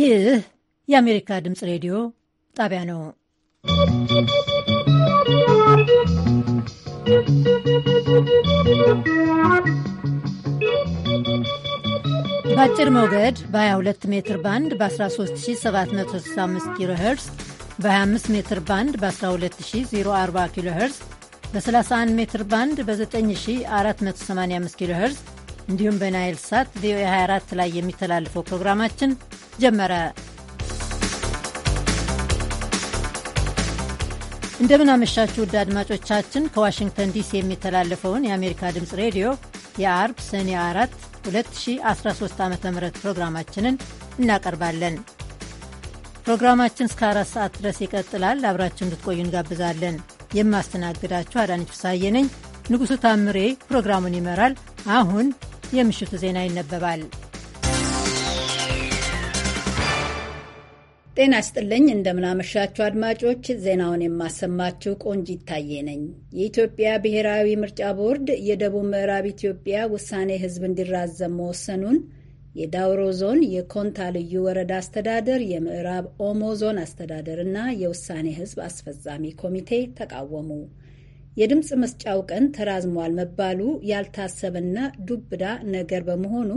ይህ የአሜሪካ ድምፅ ሬዲዮ ጣቢያ ነው። በአጭር ሞገድ በ22 ሜትር ባንድ በ13765 ኪሎ ሄርስ በ25 ሜትር ባንድ በ12040 ኪሎ ሄርስ በ31 ሜትር ባንድ በ9485 ኪሎ ሄርዝ እንዲሁም በናይል ሳት ቪኦኤ 24 ላይ የሚተላልፈው ፕሮግራማችን ጀመረ። አመሻችሁ ውድ አድማጮቻችን፣ ከዋሽንግተን ዲሲ የሚተላለፈውን የአሜሪካ ድምፅ ሬዲዮ የአርብ ሰኔ 4 2013 ዓ ም ፕሮግራማችንን እናቀርባለን። ፕሮግራማችን እስከ አራት ሰዓት ድረስ ይቀጥላል። አብራችሁ እንድትቆዩ እንጋብዛለን። የማስተናግዳችሁ አዳነች ፍሳዬ ነኝ። ንጉሡ ታምሬ ፕሮግራሙን ይመራል። አሁን የምሽቱ ዜና ይነበባል። ጤና ይስጥልኝ። እንደምናመሻችሁ አድማጮች፣ ዜናውን የማሰማችሁ ቆንጂ ይታየ ነኝ። የኢትዮጵያ ብሔራዊ ምርጫ ቦርድ የደቡብ ምዕራብ ኢትዮጵያ ውሳኔ ሕዝብ እንዲራዘም መወሰኑን የዳውሮ ዞን የኮንታ ልዩ ወረዳ አስተዳደር፣ የምዕራብ ኦሞ ዞን አስተዳደር እና የውሳኔ ሕዝብ አስፈጻሚ ኮሚቴ ተቃወሙ። የድምፅ መስጫው ቀን ተራዝሟል መባሉ ያልታሰበና ዱብዳ ነገር በመሆኑ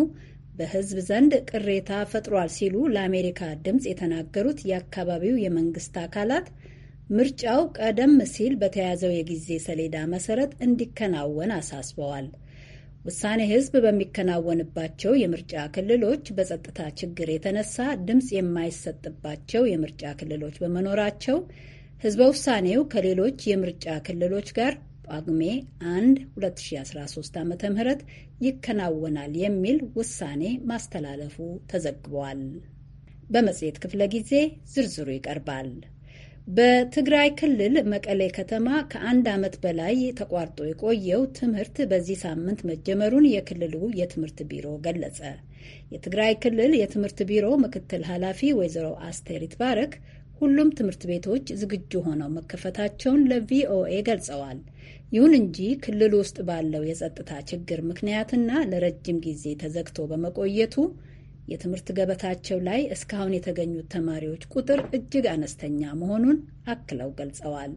በሕዝብ ዘንድ ቅሬታ ፈጥሯል ሲሉ ለአሜሪካ ድምፅ የተናገሩት የአካባቢው የመንግስት አካላት ምርጫው ቀደም ሲል በተያዘው የጊዜ ሰሌዳ መሰረት እንዲከናወን አሳስበዋል። ውሳኔ ህዝብ በሚከናወንባቸው የምርጫ ክልሎች በጸጥታ ችግር የተነሳ ድምፅ የማይሰጥባቸው የምርጫ ክልሎች በመኖራቸው ህዝበ ውሳኔው ከሌሎች የምርጫ ክልሎች ጋር ጳጉሜ 1 2013 ዓ ም ይከናወናል የሚል ውሳኔ ማስተላለፉ ተዘግቧል። በመጽሔት ክፍለ ጊዜ ዝርዝሩ ይቀርባል። በትግራይ ክልል መቀሌ ከተማ ከአንድ ዓመት በላይ ተቋርጦ የቆየው ትምህርት በዚህ ሳምንት መጀመሩን የክልሉ የትምህርት ቢሮ ገለጸ። የትግራይ ክልል የትምህርት ቢሮ ምክትል ኃላፊ ወይዘሮ አስቴሪት ባረክ ሁሉም ትምህርት ቤቶች ዝግጁ ሆነው መከፈታቸውን ለቪኦኤ ገልጸዋል። ይሁን እንጂ ክልል ውስጥ ባለው የጸጥታ ችግር ምክንያትና ለረጅም ጊዜ ተዘግቶ በመቆየቱ የትምህርት ገበታቸው ላይ እስካሁን የተገኙት ተማሪዎች ቁጥር እጅግ አነስተኛ መሆኑን አክለው ገልጸዋል።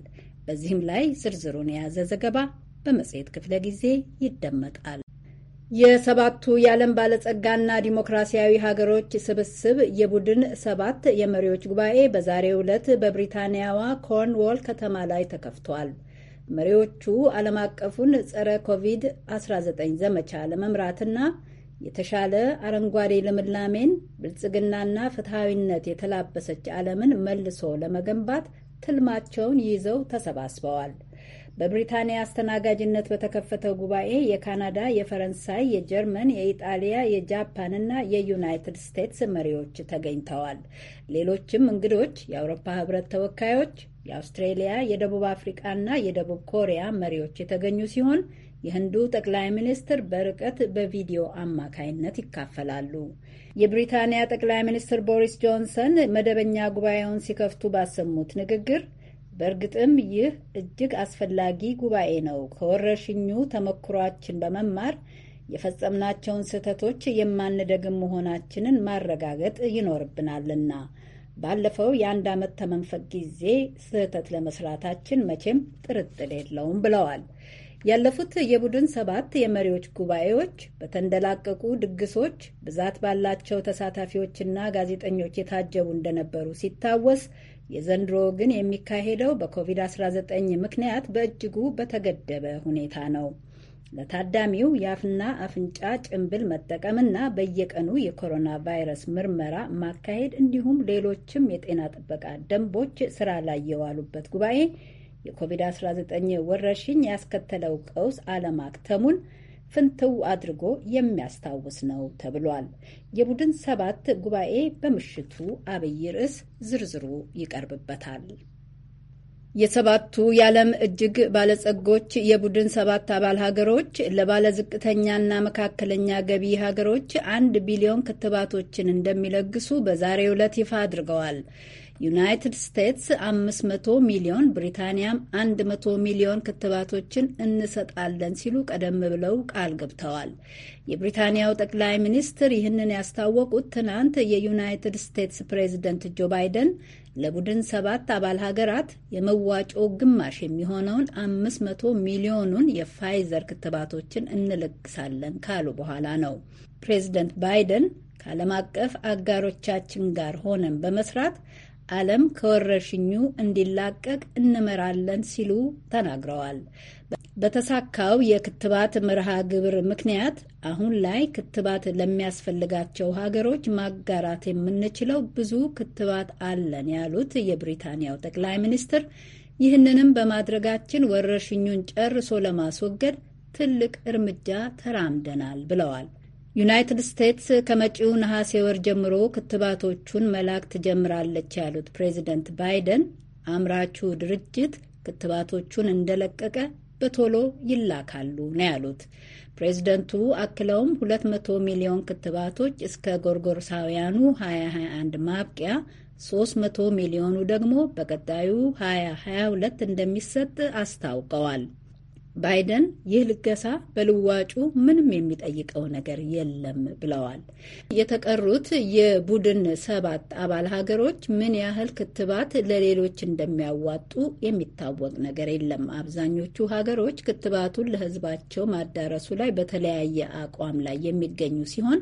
በዚህም ላይ ዝርዝሩን የያዘ ዘገባ በመጽሔት ክፍለ ጊዜ ይደመጣል። የሰባቱ የዓለም ባለጸጋና ዲሞክራሲያዊ ሀገሮች ስብስብ የቡድን ሰባት የመሪዎች ጉባኤ በዛሬው ዕለት በብሪታንያዋ ኮርንዎል ከተማ ላይ ተከፍቷል። መሪዎቹ ዓለም አቀፉን ጸረ ኮቪድ-19 ዘመቻ ለመምራትና የተሻለ አረንጓዴ ልምላሜን፣ ብልጽግናና ፍትሐዊነት የተላበሰች ዓለምን መልሶ ለመገንባት ትልማቸውን ይዘው ተሰባስበዋል። በብሪታንያ አስተናጋጅነት በተከፈተው ጉባኤ የካናዳ፣ የፈረንሳይ፣ የጀርመን፣ የኢጣሊያ፣ የጃፓን እና የዩናይትድ ስቴትስ መሪዎች ተገኝተዋል። ሌሎችም እንግዶች የአውሮፓ ህብረት ተወካዮች፣ የአውስትሬሊያ፣ የደቡብ አፍሪቃና የደቡብ ኮሪያ መሪዎች የተገኙ ሲሆን የህንዱ ጠቅላይ ሚኒስትር በርቀት በቪዲዮ አማካይነት ይካፈላሉ። የብሪታንያ ጠቅላይ ሚኒስትር ቦሪስ ጆንሰን መደበኛ ጉባኤውን ሲከፍቱ ባሰሙት ንግግር በእርግጥም ይህ እጅግ አስፈላጊ ጉባኤ ነው፣ ከወረርሽኙ ተሞክሯችን በመማር የፈጸምናቸውን ስህተቶች የማንደግም መሆናችንን ማረጋገጥ ይኖርብናልና ባለፈው የአንድ ዓመት ተመንፈቅ ጊዜ ስህተት ለመስራታችን መቼም ጥርጥር የለውም ብለዋል። ያለፉት የቡድን ሰባት የመሪዎች ጉባኤዎች በተንደላቀቁ ድግሶች፣ ብዛት ባላቸው ተሳታፊዎችና ጋዜጠኞች የታጀቡ እንደነበሩ ሲታወስ የዘንድሮ ግን የሚካሄደው በኮቪድ-19 ምክንያት በእጅጉ በተገደበ ሁኔታ ነው። ለታዳሚው የአፍና አፍንጫ ጭንብል መጠቀምና በየቀኑ የኮሮና ቫይረስ ምርመራ ማካሄድ እንዲሁም ሌሎችም የጤና ጥበቃ ደንቦች ስራ ላይ የዋሉበት ጉባኤ የኮቪድ-19 ወረርሽኝ ያስከተለው ቀውስ አለማክተሙን ፍንትው አድርጎ የሚያስታውስ ነው ተብሏል። የቡድን ሰባት ጉባኤ በምሽቱ አብይ ርዕስ ዝርዝሩ ይቀርብበታል። የሰባቱ የዓለም እጅግ ባለጸጎች የቡድን ሰባት አባል ሀገሮች ለባለዝቅተኛና መካከለኛ ገቢ ሀገሮች አንድ ቢሊዮን ክትባቶችን እንደሚለግሱ በዛሬው ዕለት ይፋ አድርገዋል። ዩናይትድ ስቴትስ 500 ሚሊዮን ብሪታንያም 100 ሚሊዮን ክትባቶችን እንሰጣለን ሲሉ ቀደም ብለው ቃል ገብተዋል። የብሪታንያው ጠቅላይ ሚኒስትር ይህንን ያስታወቁት ትናንት የዩናይትድ ስቴትስ ፕሬዝደንት ጆ ባይደን ለቡድን ሰባት አባል ሀገራት የመዋጮ ግማሽ የሚሆነውን 500 ሚሊዮኑን የፋይዘር ክትባቶችን እንለግሳለን ካሉ በኋላ ነው። ፕሬዝደንት ባይደን ከዓለም አቀፍ አጋሮቻችን ጋር ሆነን በመስራት ዓለም ከወረርሽኙ እንዲላቀቅ እንመራለን ሲሉ ተናግረዋል። በተሳካው የክትባት መርሃ ግብር ምክንያት አሁን ላይ ክትባት ለሚያስፈልጋቸው ሀገሮች ማጋራት የምንችለው ብዙ ክትባት አለን ያሉት የብሪታንያው ጠቅላይ ሚኒስትር ይህንንም በማድረጋችን ወረርሽኙን ጨርሶ ለማስወገድ ትልቅ እርምጃ ተራምደናል ብለዋል። ዩናይትድ ስቴትስ ከመጪው ነሐሴ ወር ጀምሮ ክትባቶቹን መላክ ትጀምራለች ያሉት ፕሬዚደንት ባይደን አምራቹ ድርጅት ክትባቶቹን እንደለቀቀ በቶሎ ይላካሉ ነው ያሉት። ፕሬዚደንቱ አክለውም 200 ሚሊዮን ክትባቶች እስከ ጎርጎርሳውያኑ 2021 ማብቂያ 300 ሚሊዮኑ ደግሞ በቀጣዩ 2022 እንደሚሰጥ አስታውቀዋል። ባይደን ይህ ልገሳ በልዋጩ ምንም የሚጠይቀው ነገር የለም ብለዋል። የተቀሩት የቡድን ሰባት አባል ሀገሮች ምን ያህል ክትባት ለሌሎች እንደሚያዋጡ የሚታወቅ ነገር የለም። አብዛኞቹ ሀገሮች ክትባቱን ለሕዝባቸው ማዳረሱ ላይ በተለያየ አቋም ላይ የሚገኙ ሲሆን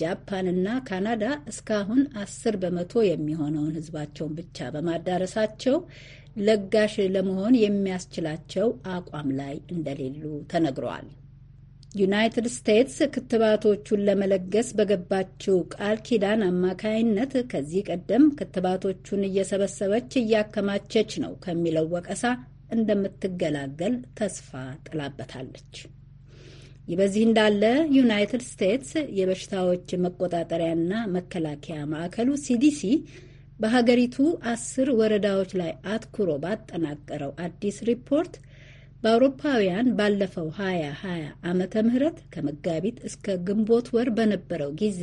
ጃፓንና ካናዳ እስካሁን አስር በመቶ የሚሆነውን ሕዝባቸውን ብቻ በማዳረሳቸው ለጋሽ ለመሆን የሚያስችላቸው አቋም ላይ እንደሌሉ ተነግረዋል። ዩናይትድ ስቴትስ ክትባቶቹን ለመለገስ በገባችው ቃል ኪዳን አማካይነት ከዚህ ቀደም ክትባቶቹን እየሰበሰበች እያከማቸች ነው ከሚለው ወቀሳ እንደምትገላገል ተስፋ ጥላበታለች። ይህ በዚህ እንዳለ ዩናይትድ ስቴትስ የበሽታዎች መቆጣጠሪያና መከላከያ ማዕከሉ ሲዲሲ በሀገሪቱ አስር ወረዳዎች ላይ አትኩሮ ባጠናቀረው አዲስ ሪፖርት በአውሮፓውያን ባለፈው 2020 ዓመተ ምህረት ከመጋቢት እስከ ግንቦት ወር በነበረው ጊዜ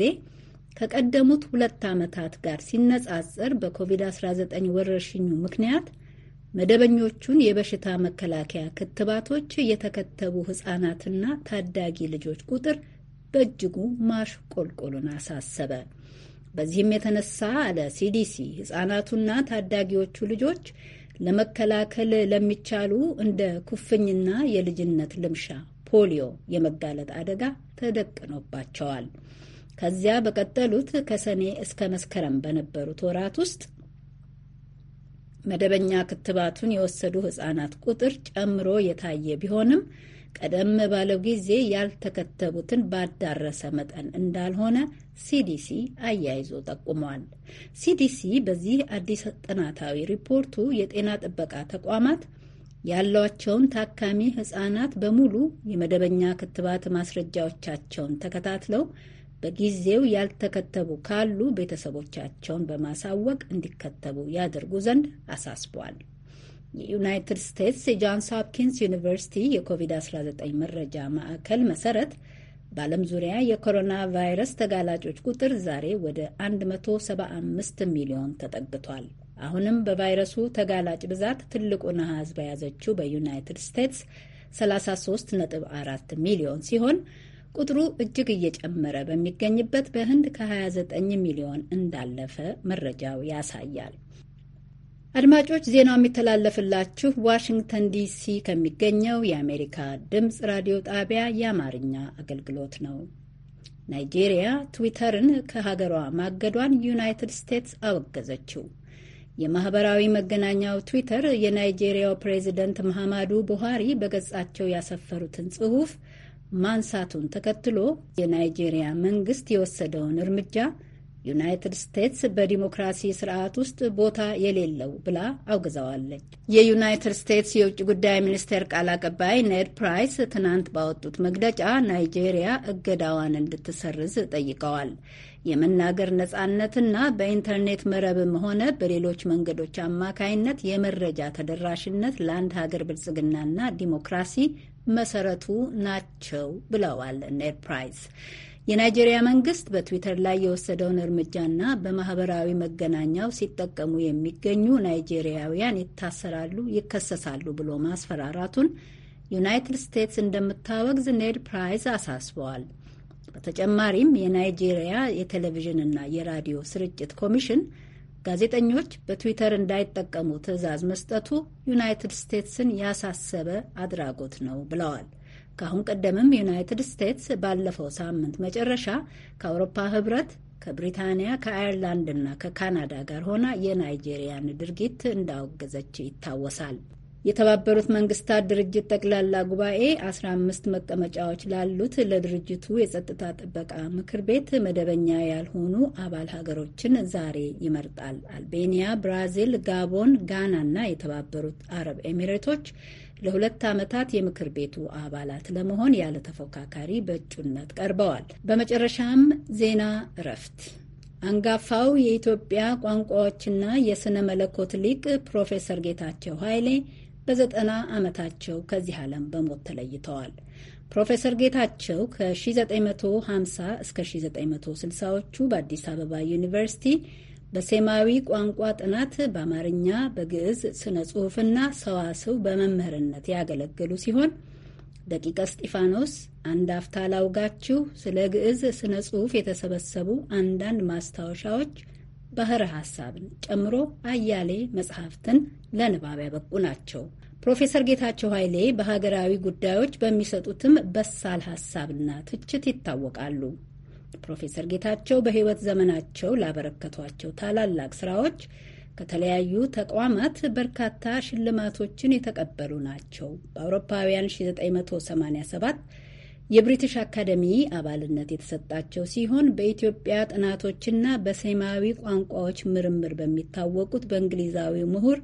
ከቀደሙት ሁለት ዓመታት ጋር ሲነጻጸር በኮቪድ-19 ወረርሽኙ ምክንያት መደበኞቹን የበሽታ መከላከያ ክትባቶች የተከተቡ ሕፃናትና ታዳጊ ልጆች ቁጥር በእጅጉ ማሽቆልቆሉን አሳሰበ። በዚህም የተነሳ አለ ሲዲሲ ህጻናቱና ታዳጊዎቹ ልጆች ለመከላከል ለሚቻሉ እንደ ኩፍኝና የልጅነት ልምሻ ፖሊዮ የመጋለጥ አደጋ ተደቅኖባቸዋል። ከዚያ በቀጠሉት ከሰኔ እስከ መስከረም በነበሩት ወራት ውስጥ መደበኛ ክትባቱን የወሰዱ ህጻናት ቁጥር ጨምሮ የታየ ቢሆንም ቀደም ባለው ጊዜ ያልተከተቡትን ባዳረሰ መጠን እንዳልሆነ ሲዲሲ አያይዞ ጠቁሟል። ሲዲሲ በዚህ አዲስ ጥናታዊ ሪፖርቱ የጤና ጥበቃ ተቋማት ያሏቸውን ታካሚ ሕፃናት በሙሉ የመደበኛ ክትባት ማስረጃዎቻቸውን ተከታትለው በጊዜው ያልተከተቡ ካሉ ቤተሰቦቻቸውን በማሳወቅ እንዲከተቡ ያደርጉ ዘንድ አሳስቧል። የዩናይትድ ስቴትስ የጃንስ ሆፕኪንስ ዩኒቨርሲቲ የኮቪድ-19 መረጃ ማዕከል መሰረት በዓለም ዙሪያ የኮሮና ቫይረስ ተጋላጮች ቁጥር ዛሬ ወደ 175 ሚሊዮን ተጠግቷል። አሁንም በቫይረሱ ተጋላጭ ብዛት ትልቁን አሃዝ በያዘችው በዩናይትድ ስቴትስ 33.4 ሚሊዮን ሲሆን ቁጥሩ እጅግ እየጨመረ በሚገኝበት በህንድ ከ29 ሚሊዮን እንዳለፈ መረጃው ያሳያል። አድማጮች ዜናው የሚተላለፍላችሁ ዋሽንግተን ዲሲ ከሚገኘው የአሜሪካ ድምፅ ራዲዮ ጣቢያ የአማርኛ አገልግሎት ነው። ናይጄሪያ ትዊተርን ከሀገሯ ማገዷን ዩናይትድ ስቴትስ አወገዘችው። የማህበራዊ መገናኛው ትዊተር የናይጄሪያው ፕሬዚደንት መሐማዱ ቡሃሪ በገጻቸው ያሰፈሩትን ጽሑፍ ማንሳቱን ተከትሎ የናይጄሪያ መንግስት የወሰደውን እርምጃ ዩናይትድ ስቴትስ በዲሞክራሲ ስርዓት ውስጥ ቦታ የሌለው ብላ አውግዘዋለች። የዩናይትድ ስቴትስ የውጭ ጉዳይ ሚኒስቴር ቃል አቀባይ ኔድ ፕራይስ ትናንት ባወጡት መግለጫ ናይጄሪያ እገዳዋን እንድትሰርዝ ጠይቀዋል። የመናገር ነጻነትና በኢንተርኔት መረብም ሆነ በሌሎች መንገዶች አማካይነት የመረጃ ተደራሽነት ለአንድ ሀገር ብልጽግናና ዲሞክራሲ መሰረቱ ናቸው ብለዋል ኔድ ፕራይስ። የናይጄሪያ መንግስት በትዊተር ላይ የወሰደውን እርምጃና በማህበራዊ መገናኛው ሲጠቀሙ የሚገኙ ናይጄሪያውያን ይታሰራሉ፣ ይከሰሳሉ ብሎ ማስፈራራቱን ዩናይትድ ስቴትስ እንደምታወግዝ ኔድ ፕራይስ አሳስበዋል። በተጨማሪም የናይጄሪያ የቴሌቪዥንና የራዲዮ ስርጭት ኮሚሽን ጋዜጠኞች በትዊተር እንዳይጠቀሙ ትዕዛዝ መስጠቱ ዩናይትድ ስቴትስን ያሳሰበ አድራጎት ነው ብለዋል። ከአሁን ቀደምም ዩናይትድ ስቴትስ ባለፈው ሳምንት መጨረሻ ከአውሮፓ ህብረት ከብሪታንያ እና ከካናዳ ጋር ሆና የናይጄሪያን ድርጊት እንዳወገዘች ይታወሳል። የተባበሩት መንግስታት ድርጅት ጠቅላላ ጉባኤ 15 መቀመጫዎች ላሉት ለድርጅቱ የጸጥታ ጥበቃ ምክር ቤት መደበኛ ያልሆኑ አባል ሀገሮችን ዛሬ ይመርጣል። አልቤኒያ፣ ብራዚል፣ ጋቦን፣ ጋና እና የተባበሩት አረብ ኤሚሬቶች ለሁለት ዓመታት የምክር ቤቱ አባላት ለመሆን ያለ ተፎካካሪ በእጩነት ቀርበዋል። በመጨረሻም ዜና እረፍት። አንጋፋው የኢትዮጵያ ቋንቋዎችና የሥነ መለኮት ሊቅ ፕሮፌሰር ጌታቸው ኃይሌ በዘጠና ዓመታቸው ከዚህ ዓለም በሞት ተለይተዋል። ፕሮፌሰር ጌታቸው ከ1950 እስከ 1960ዎቹ በአዲስ አበባ ዩኒቨርሲቲ በሴማዊ ቋንቋ ጥናት በአማርኛ፣ በግዕዝ፣ ስነ ጽሑፍና ሰዋስው በመምህርነት ያገለገሉ ሲሆን ደቂቀ እስጢፋኖስ አንድ አፍታ ላውጋችሁ ስለ ግዕዝ ስነ ጽሑፍ የተሰበሰቡ አንዳንድ ማስታወሻዎች ባህረ ሀሳብን ጨምሮ አያሌ መጽሐፍትን ለንባብ ያበቁ ናቸው። ፕሮፌሰር ጌታቸው ኃይሌ በሀገራዊ ጉዳዮች በሚሰጡትም በሳል ሀሳብና ትችት ይታወቃሉ። ፕሮፌሰር ጌታቸው በህይወት ዘመናቸው ላበረከቷቸው ታላላቅ ስራዎች ከተለያዩ ተቋማት በርካታ ሽልማቶችን የተቀበሉ ናቸው። በአውሮፓውያን 1987 የብሪቲሽ አካደሚ አባልነት የተሰጣቸው ሲሆን በኢትዮጵያ ጥናቶችና በሴማዊ ቋንቋዎች ምርምር በሚታወቁት በእንግሊዛዊው ምሁር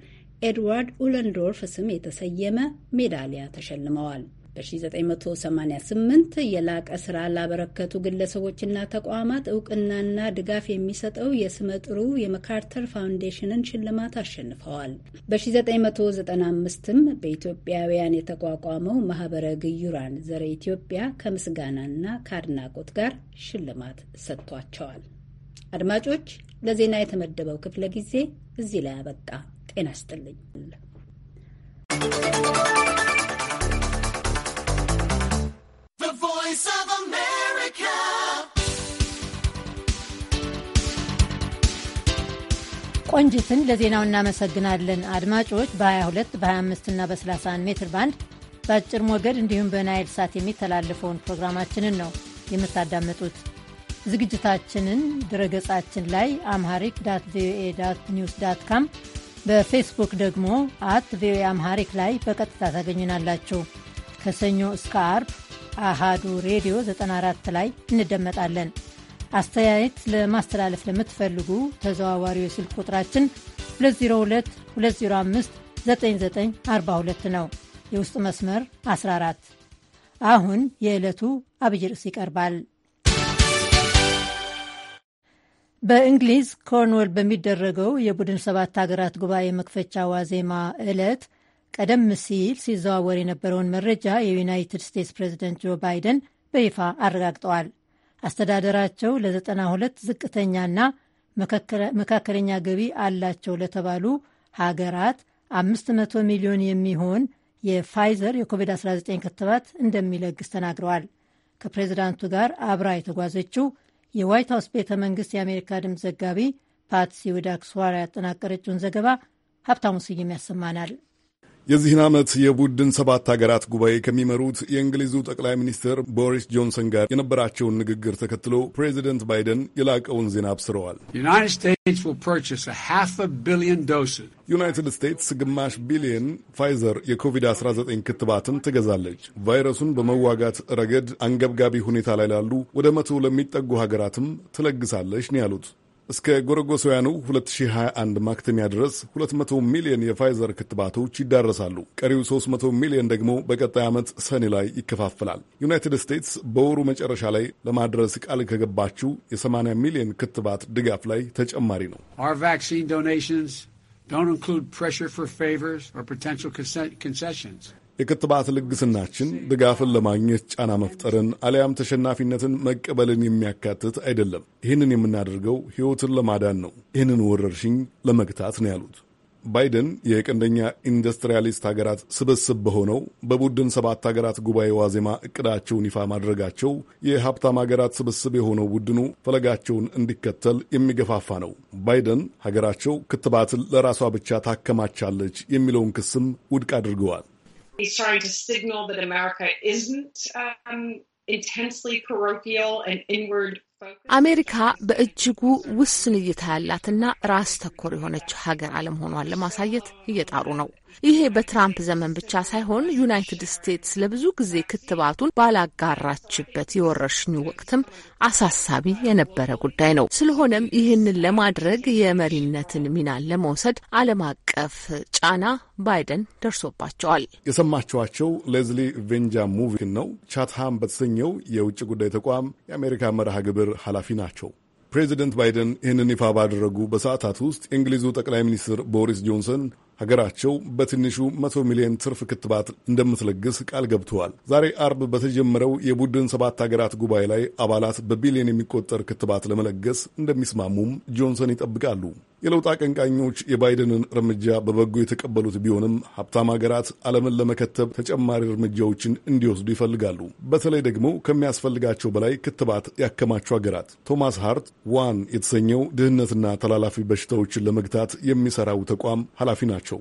ኤድዋርድ ኡለንዶርፍ ስም የተሰየመ ሜዳሊያ ተሸልመዋል። በ1988 የላቀ ስራ ላበረከቱ ግለሰቦችና ተቋማት እውቅናና ድጋፍ የሚሰጠው የስመጥሩ የመካርተር ፋውንዴሽንን ሽልማት አሸንፈዋል። በ1995ም በኢትዮጵያውያን የተቋቋመው ማህበረ ግዩራን ዘረ ኢትዮጵያ ከምስጋናና ከአድናቆት ጋር ሽልማት ሰጥቷቸዋል። አድማጮች፣ ለዜና የተመደበው ክፍለ ጊዜ እዚህ ላይ አበቃ። ጤና ይስጥልኝ። Voice of America. ቆንጅትን ለዜናው እናመሰግናለን። አድማጮች በ22 በ25 እና በ31 ሜትር ባንድ በአጭር ሞገድ እንዲሁም በናይል ሳት የሚተላለፈውን ፕሮግራማችንን ነው የምታዳምጡት። ዝግጅታችንን ድረገጻችን ላይ አምሃሪክ ዳት ቪኦኤ ዳት ኒውስ ዳት ካም በፌስቡክ ደግሞ አት ቪኦኤ አምሃሪክ ላይ በቀጥታ ታገኙናላችሁ። ከሰኞ እስከ አርብ አሃዱ ሬዲዮ 94 ላይ እንደመጣለን። አስተያየት ለማስተላለፍ ለምትፈልጉ ተዘዋዋሪው የስልክ ቁጥራችን 2022059942 ነው፣ የውስጥ መስመር 14። አሁን የዕለቱ አብይ ርዕስ ይቀርባል። በእንግሊዝ ኮርንወል በሚደረገው የቡድን ሰባት ሀገራት ጉባኤ መክፈቻ ዋዜማ ዕለት ቀደም ሲል ሲዘዋወር የነበረውን መረጃ የዩናይትድ ስቴትስ ፕሬዚደንት ጆ ባይደን በይፋ አረጋግጠዋል። አስተዳደራቸው ለ92 ዝቅተኛና መካከለኛ ገቢ አላቸው ለተባሉ ሀገራት 500 ሚሊዮን የሚሆን የፋይዘር የኮቪድ-19 ክትባት እንደሚለግስ ተናግረዋል። ከፕሬዚዳንቱ ጋር አብራ የተጓዘችው የዋይት ሀውስ ቤተ መንግስት የአሜሪካ ድምፅ ዘጋቢ ፓትሲ ወዳክስዋራ ያጠናቀረችውን ዘገባ ሀብታሙ ስዩም ያሰማናል። የዚህን ዓመት የቡድን ሰባት ሀገራት ጉባኤ ከሚመሩት የእንግሊዙ ጠቅላይ ሚኒስትር ቦሪስ ጆንሰን ጋር የነበራቸውን ንግግር ተከትሎ ፕሬዚደንት ባይደን የላቀውን ዜና አብስረዋል። ዩናይትድ ስቴትስ ግማሽ ቢሊየን ፋይዘር የኮቪድ-19 ክትባትን ትገዛለች። ቫይረሱን በመዋጋት ረገድ አንገብጋቢ ሁኔታ ላይ ላሉ ወደ መቶ ለሚጠጉ ሀገራትም ትለግሳለች ነው ያሉት። እስከ ጎረጎሳውያኑ 2021 ማክተሚያ ድረስ 200 ሚሊዮን የፋይዘር ክትባቶች ይዳረሳሉ። ቀሪው 300 ሚሊዮን ደግሞ በቀጣይ ዓመት ሰኔ ላይ ይከፋፈላል። ዩናይትድ ስቴትስ በወሩ መጨረሻ ላይ ለማድረስ ቃል ከገባችው የ80 ሚሊዮን ክትባት ድጋፍ ላይ ተጨማሪ ነው። ዶኔሽንስ ዶንት ኢንክሉድ ፕሬሽር ፎር ፌቨርስ ኦር ፖቴንሻል ኮንሴሽንስ የክትባት ልግስናችን ድጋፍን ለማግኘት ጫና መፍጠርን አሊያም ተሸናፊነትን መቀበልን የሚያካትት አይደለም። ይህንን የምናደርገው ሕይወትን ለማዳን ነው፣ ይህንን ወረርሽኝ ለመግታት ነው ያሉት ባይደን። የቀንደኛ ኢንዱስትሪያሊስት ሀገራት ስብስብ በሆነው በቡድን ሰባት ሀገራት ጉባኤ ዋዜማ እቅዳቸውን ይፋ ማድረጋቸው የሀብታም ሀገራት ስብስብ የሆነው ቡድኑ ፈለጋቸውን እንዲከተል የሚገፋፋ ነው። ባይደን ሀገራቸው ክትባትን ለራሷ ብቻ ታከማቻለች የሚለውን ክስም ውድቅ አድርገዋል። is trying to signal that America isn't um, intensely parochial and inward አሜሪካ በእጅጉ ውስን እይታ ያላትና ራስ ተኮር የሆነች ሀገር አለመሆኗን ለማሳየት እየጣሩ ነው። ይሄ በትራምፕ ዘመን ብቻ ሳይሆን ዩናይትድ ስቴትስ ለብዙ ጊዜ ክትባቱን ባላጋራችበት የወረርሽኙ ወቅትም አሳሳቢ የነበረ ጉዳይ ነው። ስለሆነም ይህንን ለማድረግ የመሪነትን ሚናን ለመውሰድ ዓለም አቀፍ ጫና ባይደን ደርሶባቸዋል። የሰማችኋቸው ሌዝሊ ቬንጃ ሙቪን ነው። ቻትሃም በተሰኘው የውጭ ጉዳይ ተቋም የአሜሪካ መርሃ ግብር ኃላፊ ናቸው። ፕሬዚደንት ባይደን ይህንን ይፋ ባደረጉ በሰዓታት ውስጥ የእንግሊዙ ጠቅላይ ሚኒስትር ቦሪስ ጆንሰን ሀገራቸው በትንሹ መቶ ሚሊዮን ትርፍ ክትባት እንደምትለግስ ቃል ገብተዋል። ዛሬ አርብ በተጀመረው የቡድን ሰባት ሀገራት ጉባኤ ላይ አባላት በቢሊዮን የሚቆጠር ክትባት ለመለገስ እንደሚስማሙም ጆንሰን ይጠብቃሉ። የለውጥ አቀንቃኞች የባይደንን እርምጃ በበጎ የተቀበሉት ቢሆንም ሀብታም ሀገራት ዓለምን ለመከተብ ተጨማሪ እርምጃዎችን እንዲወስዱ ይፈልጋሉ። በተለይ ደግሞ ከሚያስፈልጋቸው በላይ ክትባት ያከማቸው ሀገራት። ቶማስ ሃርት ዋን የተሰኘው ድህነትና ተላላፊ በሽታዎችን ለመግታት የሚሰራው ተቋም ኃላፊ ናቸው። ናቸው።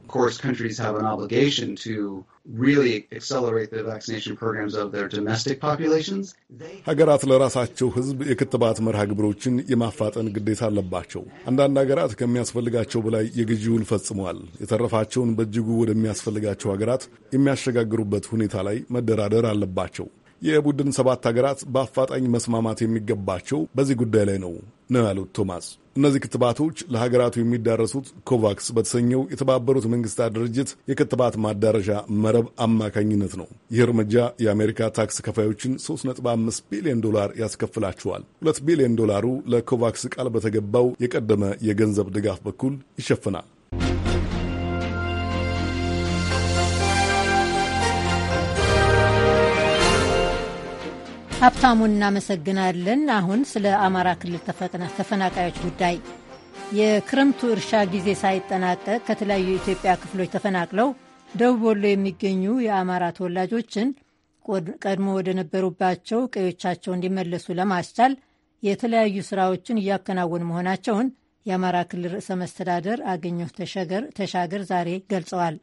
ሀገራት ለራሳቸው ሕዝብ የክትባት መርሃ ግብሮችን የማፋጠን ግዴታ አለባቸው። አንዳንድ ሀገራት ከሚያስፈልጋቸው በላይ የግዢውን ፈጽመዋል። የተረፋቸውን በእጅጉ ወደሚያስፈልጋቸው ሀገራት የሚያሸጋግሩበት ሁኔታ ላይ መደራደር አለባቸው። የቡድን ሰባት ሀገራት በአፋጣኝ መስማማት የሚገባቸው በዚህ ጉዳይ ላይ ነው ነው ያሉት ቶማስ እነዚህ ክትባቶች ለሀገራቱ የሚዳረሱት ኮቫክስ በተሰኘው የተባበሩት መንግስታት ድርጅት የክትባት ማዳረሻ መረብ አማካኝነት ነው። ይህ እርምጃ የአሜሪካ ታክስ ከፋዮችን 3.5 ቢሊዮን ዶላር ያስከፍላቸዋል። 2 ቢሊዮን ዶላሩ ለኮቫክስ ቃል በተገባው የቀደመ የገንዘብ ድጋፍ በኩል ይሸፍናል። ሀብታሙ እናመሰግናለን። አሁን ስለ አማራ ክልል ተፈናቃዮች ጉዳይ የክረምቱ እርሻ ጊዜ ሳይጠናቀቅ ከተለያዩ የኢትዮጵያ ክፍሎች ተፈናቅለው ደቡብ ወሎ የሚገኙ የአማራ ተወላጆችን ቀድሞ ወደ ነበሩባቸው ቀዮቻቸው እንዲመለሱ ለማስቻል የተለያዩ ስራዎችን እያከናወኑ መሆናቸውን የአማራ ክልል ርዕሰ መስተዳደር አገኘሁ ተሻገር ዛሬ ገልጸዋል።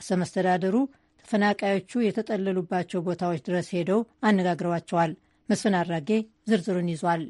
ርዕሰ መስተዳደሩ ተፈናቃዮቹ የተጠለሉባቸው ቦታዎች ድረስ ሄደው አነጋግረዋቸዋል። መስፍን አራጌ ዝርዝሩን ይዟል።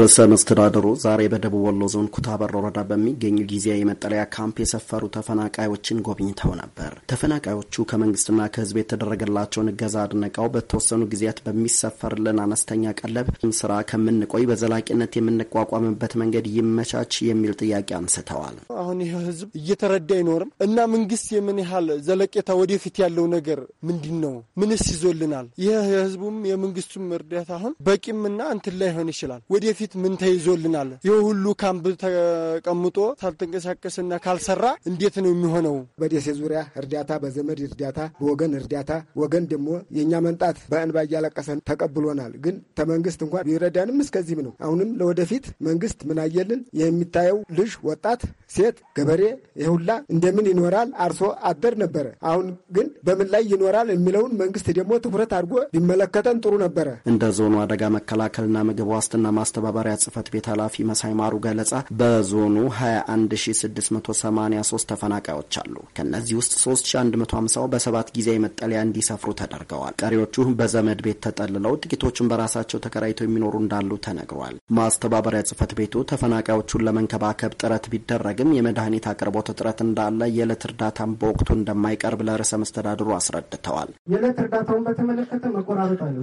ርዕሰ መስተዳድሩ ዛሬ በደቡብ ወሎ ዞን ኩታበር ወረዳ በሚገኙ ጊዜያዊ የመጠለያ ካምፕ የሰፈሩ ተፈናቃዮችን ጎብኝተው ነበር። ተፈናቃዮቹ ከመንግስትና ከህዝብ የተደረገላቸውን እገዛ አድንቀው በተወሰኑ ጊዜያት በሚሰፈርልን አነስተኛ ቀለብ ስራ ከምንቆይ በዘላቂነት የምንቋቋምበት መንገድ ይመቻች የሚል ጥያቄ አንስተዋል። አሁን ይህ ህዝብ እየተረዳ አይኖርም እና መንግስት የምን ያህል ዘለቄታ ወደፊት ያለው ነገር ምንድን ነው? ምንስ ይዞልናል? ይህ የህዝቡም የመንግስቱም እርዳታ አሁን በቂምና እንትን ላይሆን ይችላል ወደፊት ምን ተይዞልናል? ይህ ሁሉ ካምፕ ተቀምጦ ሳልተንቀሳቀስና ካልሰራ እንዴት ነው የሚሆነው? በደሴ ዙሪያ እርዳታ፣ በዘመድ እርዳታ፣ በወገን እርዳታ፣ ወገን ደግሞ የእኛ መንጣት በእንባ እያለቀሰን ተቀብሎናል። ግን ተመንግስት እንኳን ቢረዳንም እስከዚህም ነው። አሁንም ለወደፊት መንግስት ምን አየልን? የሚታየው ልጅ፣ ወጣት፣ ሴት፣ ገበሬ ይሁላ እንደምን ይኖራል? አርሶ አደር ነበረ። አሁን ግን በምን ላይ ይኖራል የሚለውን መንግስት ደግሞ ትኩረት አድርጎ ሊመለከተን ጥሩ ነበረ። እንደ ዞኑ አደጋ መከላከልና ምግብ ዋስትና ማስተባ ማስተባበሪያ ጽህፈት ቤት ኃላፊ መሳይ ማሩ ገለጻ በዞኑ 21683 ተፈናቃዮች አሉ። ከእነዚህ ውስጥ 3150 በሰባት ጊዜያዊ መጠለያ እንዲሰፍሩ ተደርገዋል። ቀሪዎቹ በዘመድ ቤት ተጠልለው፣ ጥቂቶቹን በራሳቸው ተከራይተው የሚኖሩ እንዳሉ ተነግሯል። ማስተባበሪያ ጽህፈት ቤቱ ተፈናቃዮቹን ለመንከባከብ ጥረት ቢደረግም የመድኃኒት አቅርቦት እጥረት እንዳለ፣ የዕለት እርዳታም በወቅቱ እንደማይቀርብ ለርዕሰ መስተዳድሩ አስረድተዋል። የዕለት እርዳታውን በተመለከተ መቆራረጥ አለ።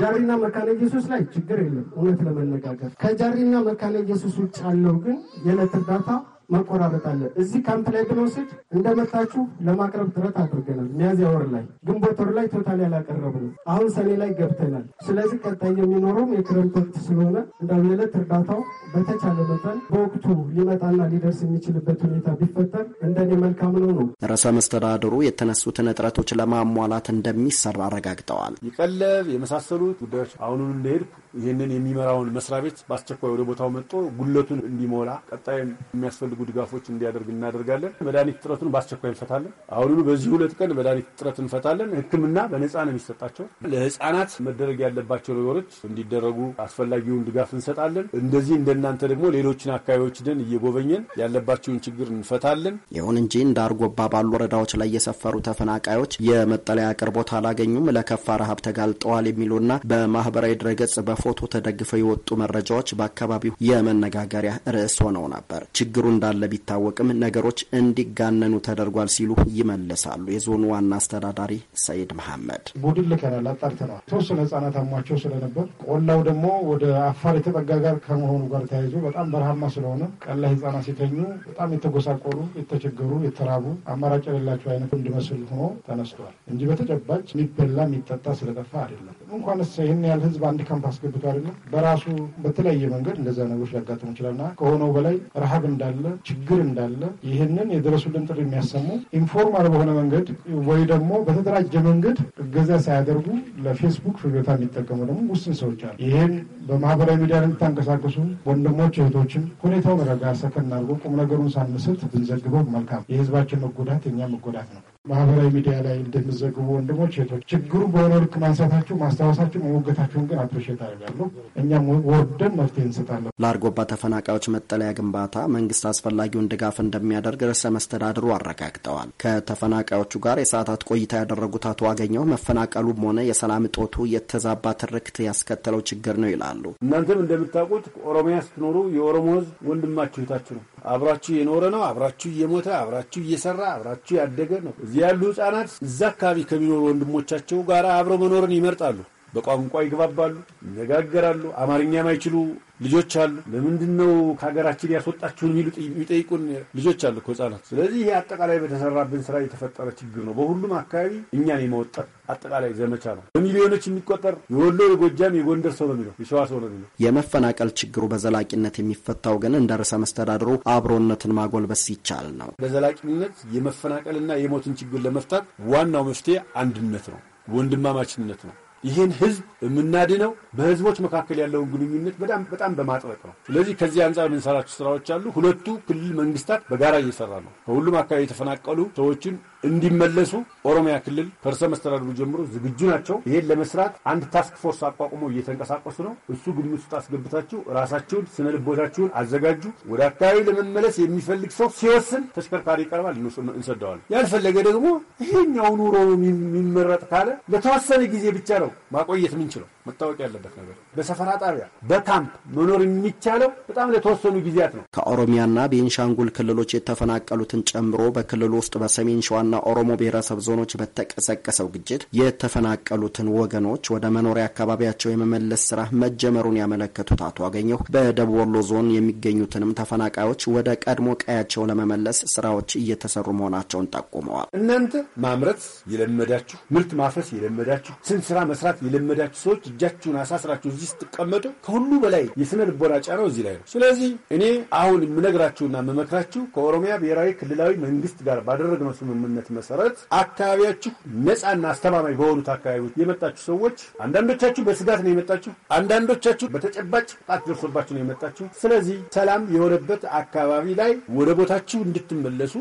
ዛሬና መካነ ኢየሱስ ላይ ችግር የለም እውነት ለመነጋገር አለበት። ከጃሪና መካነ ኢየሱስ ውጭ ያለው ግን የዕለት እርዳታ መቆራረጥ አለ። እዚህ ካምፕ ላይ ብንወስድ እንደመጣችሁ ለማቅረብ ጥረት አድርገናል። ሚያዝያ ወር ላይ፣ ግንቦት ወር ላይ ቶታል ነው። አሁን ሰኔ ላይ ገብተናል። ስለዚህ ቀጣይ የሚኖረውም የክረምት ወቅት ስለሆነ እንደው የዕለት እርዳታው በተቻለ መጠን በወቅቱ ሊመጣና ሊደርስ የሚችልበት ሁኔታ ቢፈጠር እንደኔ መልካም ነው ነው። ርዕሰ መስተዳድሩ የተነሱትን እጥረቶች ለማሟላት እንደሚሰራ አረጋግጠዋል። ይቀለብ የመሳሰሉት ጉዳዮች አሁኑን እንደሄድኩ ይህንን የሚመራውን መስሪያ ቤት በአስቸኳይ ወደ ቦታው መጥቶ ጉለቱን እንዲሞላ ቀጣይም የሚያስፈልጉ ድጋፎች እንዲያደርግ እናደርጋለን። መድኃኒት እጥረቱን በአስቸኳይ እንፈታለን። አሁኑኑ በዚህ ሁለት ቀን መድኃኒት እጥረት እንፈታለን። ሕክምና በነፃ ነው የሚሰጣቸው። ለህፃናት መደረግ ያለባቸው ነገሮች እንዲደረጉ አስፈላጊውን ድጋፍ እንሰጣለን። እንደዚህ እንደናንተ ደግሞ ሌሎችን አካባቢዎች ደን እየጎበኘን ያለባቸውን ችግር እንፈታለን። ይሁን እንጂ እንደ አርጎባ ባሉ ወረዳዎች ላይ የሰፈሩ ተፈናቃዮች የመጠለያ አቅርቦት አላገኙም፣ ለከፋ ረሀብ ተጋልጠዋል የሚሉና በማህበራዊ ድረገጽ በፎ በፎቶ ተደግፈው የወጡ መረጃዎች በአካባቢው የመነጋገሪያ ርዕስ ሆነው ነበር። ችግሩ እንዳለ ቢታወቅም ነገሮች እንዲጋነኑ ተደርጓል ሲሉ ይመልሳሉ የዞኑ ዋና አስተዳዳሪ ሰይድ መሐመድ። ቡድን ልከናል፣ አጣርተነዋል። ተወሰነ ህጻናት አሟቸው ስለነበር ቆላው ደግሞ ወደ አፋር የተጠጋ ጋር ከመሆኑ ጋር ተያይዞ በጣም በረሃማ ስለሆነ ቀን ላይ ህጻናት ሲተኙ በጣም የተጎሳቆሉ፣ የተቸገሩ፣ የተራቡ አማራጭ የሌላቸው አይነት እንዲመስል ሆኖ ተነስቷል እንጂ በተጨባጭ የሚበላ የሚጠጣ ስለጠፋ አይደለም። እንኳንስ ይህን ያህል ህዝብ አንድ ካምፕ አስገብ ጠብቀ አይደለም በራሱ በተለያየ መንገድ እንደዛ ነገሮች ሊያጋጥሙ ይችላልና ከሆነው በላይ ረሀብ እንዳለ ችግር እንዳለ ይህንን የደረሱልን ጥሪ የሚያሰሙ ኢንፎርማል በሆነ መንገድ ወይ ደግሞ በተደራጀ መንገድ እገዛ ሳያደርጉ ለፌስቡክ ፍጆታ የሚጠቀሙ ደግሞ ውስን ሰዎች አሉ። ይህን በማህበራዊ ሚዲያ የምታንቀሳቀሱ ወንድሞች እህቶችም ሁኔታውን ረጋ ሰከን አድርጎ ቁም ነገሩን ሳንስት ብንዘግበው መልካም። የህዝባችን መጎዳት የኛ መጎዳት ነው። ማህበራዊ ሚዲያ ላይ እንደሚዘግቡ ወንድሞች ሴቶች ችግሩ በሆነ ልክ ማንሳታችሁ፣ ማስታወሳችሁ፣ መሞገታችሁን ግን አፕሪሼት አደርጋለሁ። እኛም ወርደን መፍትሄ እንሰጣለን። ለአርጎባ ተፈናቃዮች መጠለያ ግንባታ መንግስት አስፈላጊውን ድጋፍ እንደሚያደርግ ርዕሰ መስተዳድሩ አረጋግጠዋል። ከተፈናቃዮቹ ጋር የሰዓታት ቆይታ ያደረጉት አቶ አገኘው መፈናቀሉም ሆነ የሰላም እጦቱ የተዛባ ትርክት ያስከተለው ችግር ነው ይላሉ። እናንተም እንደምታውቁት ኦሮሚያ ስትኖሩ የኦሮሞ ህዝብ ወንድማችሁ እህታችሁ ነው። አብራችሁ የኖረ ነው። አብራችሁ እየሞተ አብራችሁ እየሰራ አብራችሁ ያደገ ነው። ያሉ ህጻናት እዛ አካባቢ ከሚኖሩ ወንድሞቻቸው ጋር አብረው መኖርን ይመርጣሉ። በቋንቋ ይግባባሉ፣ ይነጋገራሉ። አማርኛ ማይችሉ ልጆች አሉ። ለምንድን ነው ከሀገራችን ያስወጣችሁን የሚሉ የሚጠይቁን ልጆች አሉ እኮ ህጻናት። ስለዚህ ይህ አጠቃላይ በተሰራብን ስራ የተፈጠረ ችግር ነው። በሁሉም አካባቢ እኛን የመወጠር አጠቃላይ ዘመቻ ነው። በሚሊዮኖች የሚቆጠር የወሎ የጎጃም የጎንደር ሰው ነው የሚለው የሸዋ ሰው ነው የሚለው። የመፈናቀል ችግሩ በዘላቂነት የሚፈታው ግን እንደ ርዕሰ መስተዳድሩ አብሮነትን ማጎልበስ ይቻል ነው። በዘላቂነት የመፈናቀልና የሞትን ችግር ለመፍታት ዋናው መፍትሄ አንድነት ነው፣ ወንድማማችነት ነው። ይህን ህዝብ የምናድነው በህዝቦች መካከል ያለውን ግንኙነት በጣም በጣም በማጥበቅ ነው። ስለዚህ ከዚህ አንጻር የምንሰራቸው ስራዎች አሉ። ሁለቱ ክልል መንግስታት በጋራ እየሰራ ነው። ከሁሉም አካባቢ የተፈናቀሉ ሰዎችን እንዲመለሱ ኦሮሚያ ክልል ከርዕሰ መስተዳድሩ ጀምሮ ዝግጁ ናቸው። ይሄን ለመስራት አንድ ታስክ ፎርስ አቋቁሞ እየተንቀሳቀሱ ነው። እሱ ግምት ውስጥ አስገብታችሁ ራሳችሁን ስነ ልቦታችሁን አዘጋጁ። ወደ አካባቢ ለመመለስ የሚፈልግ ሰው ሲወስን ተሽከርካሪ ይቀርባል፣ እንሰደዋል። ያልፈለገ ደግሞ ይሄኛው ኑሮ የሚመረጥ ካለ ለተወሰነ ጊዜ ብቻ ነው ማቆየት ምንችለው መታወቅ ያለበት ነገር በሰፈራ ጣቢያ በካምፕ መኖር የሚቻለው በጣም ለተወሰኑ ጊዜያት ነው። ከኦሮሚያና ቤንሻንጉል ክልሎች የተፈናቀሉትን ጨምሮ በክልሉ ውስጥ በሰሜን ሸዋ በአማራና ኦሮሞ ብሔረሰብ ዞኖች በተቀሰቀሰው ግጭት የተፈናቀሉትን ወገኖች ወደ መኖሪያ አካባቢያቸው የመመለስ ስራ መጀመሩን ያመለከቱት አቶ አገኘሁ በደቡብ ወሎ ዞን የሚገኙትንም ተፈናቃዮች ወደ ቀድሞ ቀያቸው ለመመለስ ስራዎች እየተሰሩ መሆናቸውን ጠቁመዋል። እናንተ ማምረት የለመዳችሁ፣ ምርት ማፍረስ የለመዳችሁ፣ ስንት ስራ መስራት የለመዳችሁ ሰዎች እጃችሁን አሳስራችሁ እዚህ ስትቀመጡ ከሁሉ በላይ የስነ ልቦና ጫናው እዚህ ላይ ነው። ስለዚህ እኔ አሁን የምነግራችሁና የምመክራችሁ ከኦሮሚያ ብሔራዊ ክልላዊ መንግስት ጋር ባደረግነው ስምምነ ስምምነት መሰረት አካባቢያችሁ ነፃና አስተማማኝ በሆኑት አካባቢዎች የመጣችሁ ሰዎች አንዳንዶቻችሁ በስጋት ነው የመጣችሁ፣ አንዳንዶቻችሁ በተጨባጭ ጣት ደርሶባችሁ ነው የመጣችሁ። ስለዚህ ሰላም የሆነበት አካባቢ ላይ ወደ ቦታችሁ እንድትመለሱ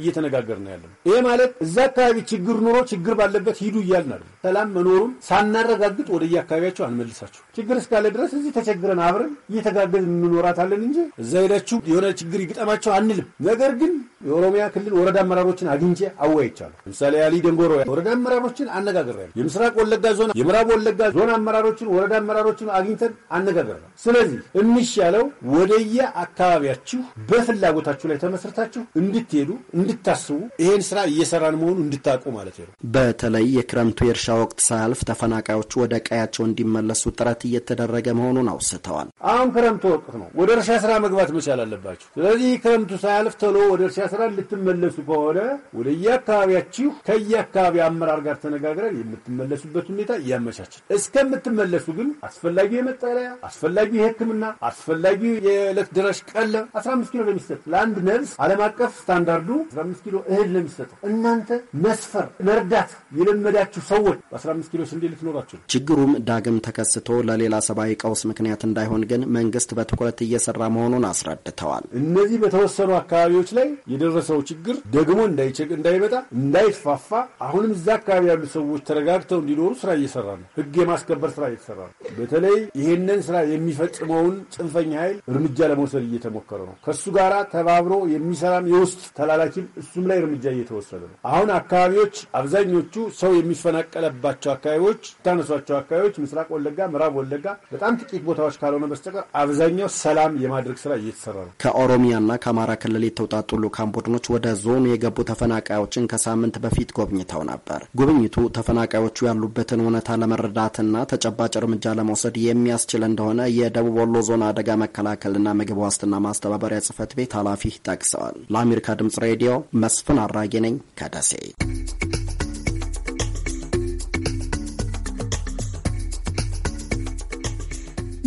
እየተነጋገር ነው ያለ። ይሄ ማለት እዛ አካባቢ ችግር ኑሮ ችግር ባለበት ሂዱ እያልን አለ። ሰላም መኖሩን ሳናረጋግጥ ወደ አካባቢያችሁ አንመልሳችሁ። ችግር እስካለ ድረስ እዚህ ተቸግረን አብረን እየተጋገዝ እንኖራታለን እንጂ እዛ ሄዳችሁ የሆነ ችግር ይግጠማቸው አንልም። ነገር ግን የኦሮሚያ ክልል ወረዳ አመራሮችን አግኝ አግኝቼ አወያይቻለሁ። ለምሳሌ አሊ ደንጎሮ ወረዳ አመራሮችን አነጋግሬያለሁ። የምስራቅ ወለጋ ዞን፣ የምዕራብ ወለጋ ዞን አመራሮችን፣ ወረዳ አመራሮችን አግኝተን አነጋግረናል። ስለዚህ የሚሻለው ወደየ አካባቢያችሁ በፍላጎታችሁ ላይ ተመስርታችሁ እንድትሄዱ እንድታስቡ፣ ይሄን ስራ እየሰራን መሆኑ እንድታውቁ ማለት ነው። በተለይ የክረምቱ የእርሻ ወቅት ሳያልፍ ተፈናቃዮቹ ወደ ቀያቸው እንዲመለሱ ጥረት እየተደረገ መሆኑን አውስተዋል። አሁን ክረምቱ ወቅት ነው። ወደ እርሻ ስራ መግባት መቻል አለባቸው። ስለዚህ ክረምቱ ሳያልፍ ቶሎ ወደ እርሻ ስራ ልትመለሱ ከሆነ ለየአካባቢያችሁ ከየአካባቢ አመራር ጋር ተነጋግረን የምትመለሱበት ሁኔታ ያመቻችል። እስከምትመለሱ ግን አስፈላጊው የመጠለያ አስፈላጊው የሕክምና አስፈላጊው የዕለት ደራሽ ቀለብ 15 ኪሎ ነው የሚሰጥ ለአንድ ነርስ። ዓለም አቀፍ ስታንዳርዱ 15 ኪሎ እህል ነው የሚሰጠው። እናንተ መስፈር መርዳት የለመዳችሁ ሰዎች በ15 ኪሎ ስንዴ ልትኖራችሁ ነው። ችግሩም ዳግም ተከስቶ ለሌላ ሰብአዊ ቀውስ ምክንያት እንዳይሆን ግን መንግስት በትኩረት እየሰራ መሆኑን አስረድተዋል። እነዚህ በተወሰኑ አካባቢዎች ላይ የደረሰው ችግር ደግሞ እንዳይቸግ እንዳይመጣ እንዳይስፋፋ አሁንም እዛ አካባቢ ያሉ ሰዎች ተረጋግተው እንዲኖሩ ስራ እየሰራ ነው። ህግ የማስከበር ስራ እየተሰራ ነው። በተለይ ይህንን ስራ የሚፈጽመውን ጽንፈኛ ኃይል እርምጃ ለመውሰድ እየተሞከረ ነው። ከሱ ጋራ ተባብሮ የሚሰራም የውስጥ ተላላኪም እሱም ላይ እርምጃ እየተወሰደ ነው። አሁን አካባቢዎች አብዛኞቹ ሰው የሚፈናቀለባቸው አካባቢዎች ታነሷቸው አካባቢዎች ምስራቅ ወለጋ፣ ምዕራብ ወለጋ በጣም ጥቂት ቦታዎች ካልሆነ በስተቀር አብዛኛው ሰላም የማድረግ ስራ እየተሰራ ነው። ከኦሮሚያና ከአማራ ክልል የተውጣጡ ልዑካን ቡድኖች ወደ ዞኑ የገቡ ተፈናቃ ተፈናቃዮችን ከሳምንት በፊት ጎብኝተው ነበር። ጉብኝቱ ተፈናቃዮቹ ያሉበትን እውነታ ለመረዳትና ተጨባጭ እርምጃ ለመውሰድ የሚያስችል እንደሆነ የደቡብ ወሎ ዞን አደጋ መከላከልና ምግብ ዋስትና ማስተባበሪያ ጽህፈት ቤት ኃላፊ ጠቅሰዋል። ለአሜሪካ ድምጽ ሬዲዮ መስፍን አራጌ ነኝ ከደሴ።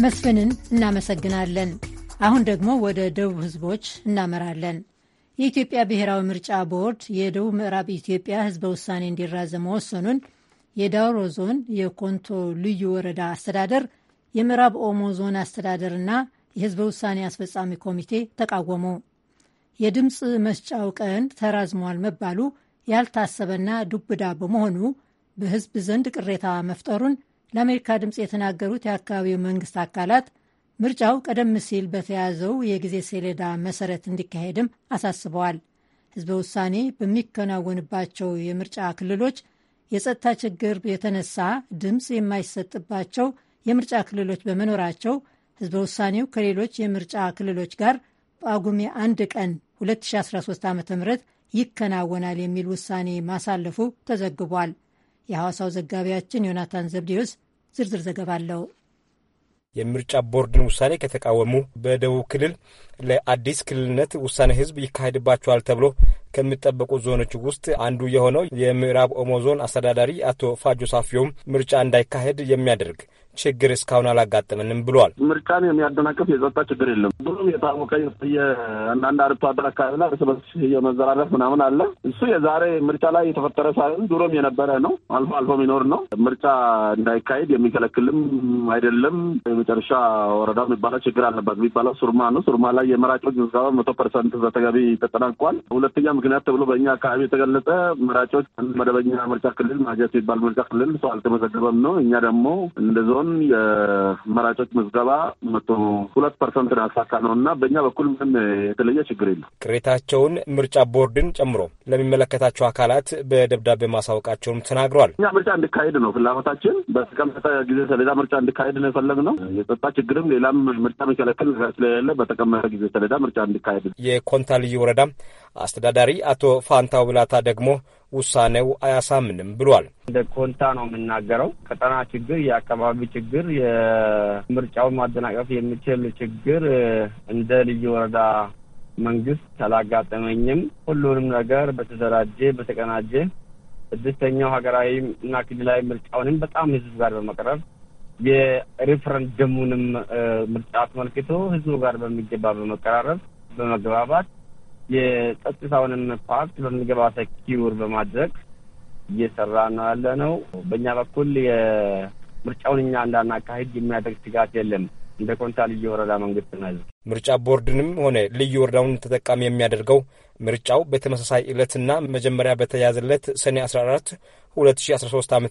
መስፍንን እናመሰግናለን። አሁን ደግሞ ወደ ደቡብ ህዝቦች እናመራለን። የኢትዮጵያ ብሔራዊ ምርጫ ቦርድ የደቡብ ምዕራብ ኢትዮጵያ ህዝበ ውሳኔ እንዲራዘም መወሰኑን የዳውሮ ዞን የኮንቶ ልዩ ወረዳ አስተዳደር፣ የምዕራብ ኦሞ ዞን አስተዳደርና የህዝበ ውሳኔ አስፈጻሚ ኮሚቴ ተቃወሙ። የድምፅ መስጫው ቀን ተራዝሟል መባሉ ያልታሰበና ዱብዳ በመሆኑ በህዝብ ዘንድ ቅሬታ መፍጠሩን ለአሜሪካ ድምፅ የተናገሩት የአካባቢው መንግስት አካላት ምርጫው ቀደም ሲል በተያዘው የጊዜ ሰሌዳ መሰረት እንዲካሄድም አሳስበዋል። ህዝበ ውሳኔ በሚከናወንባቸው የምርጫ ክልሎች የጸጥታ ችግር የተነሳ ድምፅ የማይሰጥባቸው የምርጫ ክልሎች በመኖራቸው ህዝበ ውሳኔው ከሌሎች የምርጫ ክልሎች ጋር ጳጉሜ አንድ ቀን 2013 ዓ ም ይከናወናል የሚል ውሳኔ ማሳለፉ ተዘግቧል። የሐዋሳው ዘጋቢያችን ዮናታን ዘብዲዮስ ዝርዝር ዘገባ አለው። የምርጫ ቦርድን ውሳኔ ከተቃወሙ በደቡብ ክልል ለአዲስ ክልልነት ውሳኔ ህዝብ ይካሄድባቸዋል ተብሎ ከሚጠበቁ ዞኖች ውስጥ አንዱ የሆነው የምዕራብ ኦሞ ዞን አስተዳዳሪ አቶ ፋጆ ሳፊዮም ምርጫ እንዳይካሄድ የሚያደርግ ችግር እስካሁን አላጋጠመንም ብሏል። ምርጫን የሚያደናቅፍ የጸጥታ ችግር የለም። ብዙም የታወቀ የአንዳንድ አርብቶ አደር አካባቢና እርስ በርስ የመዘራረፍ ምናምን አለ። እሱ የዛሬ ምርጫ ላይ የተፈጠረ ሳይሆን ዱሮም የነበረ ነው። አልፎ አልፎ የሚኖር ነው። ምርጫ እንዳይካሄድ የሚከለክልም አይደለም። የመጨረሻ ወረዳ የሚባለው ችግር አለበት የሚባለው ሱርማ ነው። ሱርማ ላይ የመራጮች ምዝገባ መቶ ፐርሰንት በተገቢ ተጠናቋል። ሁለተኛ ምክንያት ተብሎ በእኛ አካባቢ የተገለጸ መራጮች መደበኛ ምርጫ ክልል ማጀት የሚባል ምርጫ ክልል ሰው አልተመዘገበም ነው። እኛ ደግሞ እንደ ዞን አሁን የመራጮች ምዝገባ መቶ ሁለት ፐርሰንት ያሳካ ነው እና በእኛ በኩል ምንም የተለየ ችግር የለም። ቅሬታቸውን ምርጫ ቦርድን ጨምሮ ለሚመለከታቸው አካላት በደብዳቤ ማሳወቃቸውም ተናግሯል። እኛ ምርጫ እንዲካሄድ ነው ፍላጎታችን። በተቀመጠ ጊዜ ሰሌዳ ምርጫ እንዲካሄድ ነው የፈለግነው። የጸጥታ ችግርም ሌላም ምርጫ መከለከል ስለሌለ በተቀመጠ ጊዜ ሰሌዳ ምርጫ እንዲካሄድ የኮንታ ልዩ ወረዳ አስተዳዳሪ አቶ ፋንታው ብላታ ደግሞ ውሳኔው አያሳምንም ብሏል። እንደ ኮንታ ነው የምናገረው። ቀጠና ችግር፣ የአካባቢ ችግር፣ የምርጫውን ማደናቀፍ የሚችል ችግር እንደ ልዩ ወረዳ መንግስት አላጋጠመኝም። ሁሉንም ነገር በተደራጀ በተቀናጀ ስድስተኛው ሀገራዊ እና ክልላዊ ምርጫውንም በጣም ህዝብ ጋር በመቅረብ የሪፍረንደሙንም ምርጫ አስመልክቶ ህዝቡ ጋር በሚገባ በመቀራረብ በመግባባት የጸጥታውንም ፓርት በሚገባ ሰኪውር በማድረግ እየሰራ ነው ያለ ነው። በእኛ በኩል የምርጫውን እኛ እንዳናካሂድ የሚያደርግ ስጋት የለም። እንደ ኮንታ ልዩ ወረዳ መንግስት ነዝ ምርጫ ቦርድንም ሆነ ልዩ ወረዳውን ተጠቃሚ የሚያደርገው ምርጫው በተመሳሳይ ዕለትና መጀመሪያ በተያዘለት ሰኔ 14 2013 ዓ ም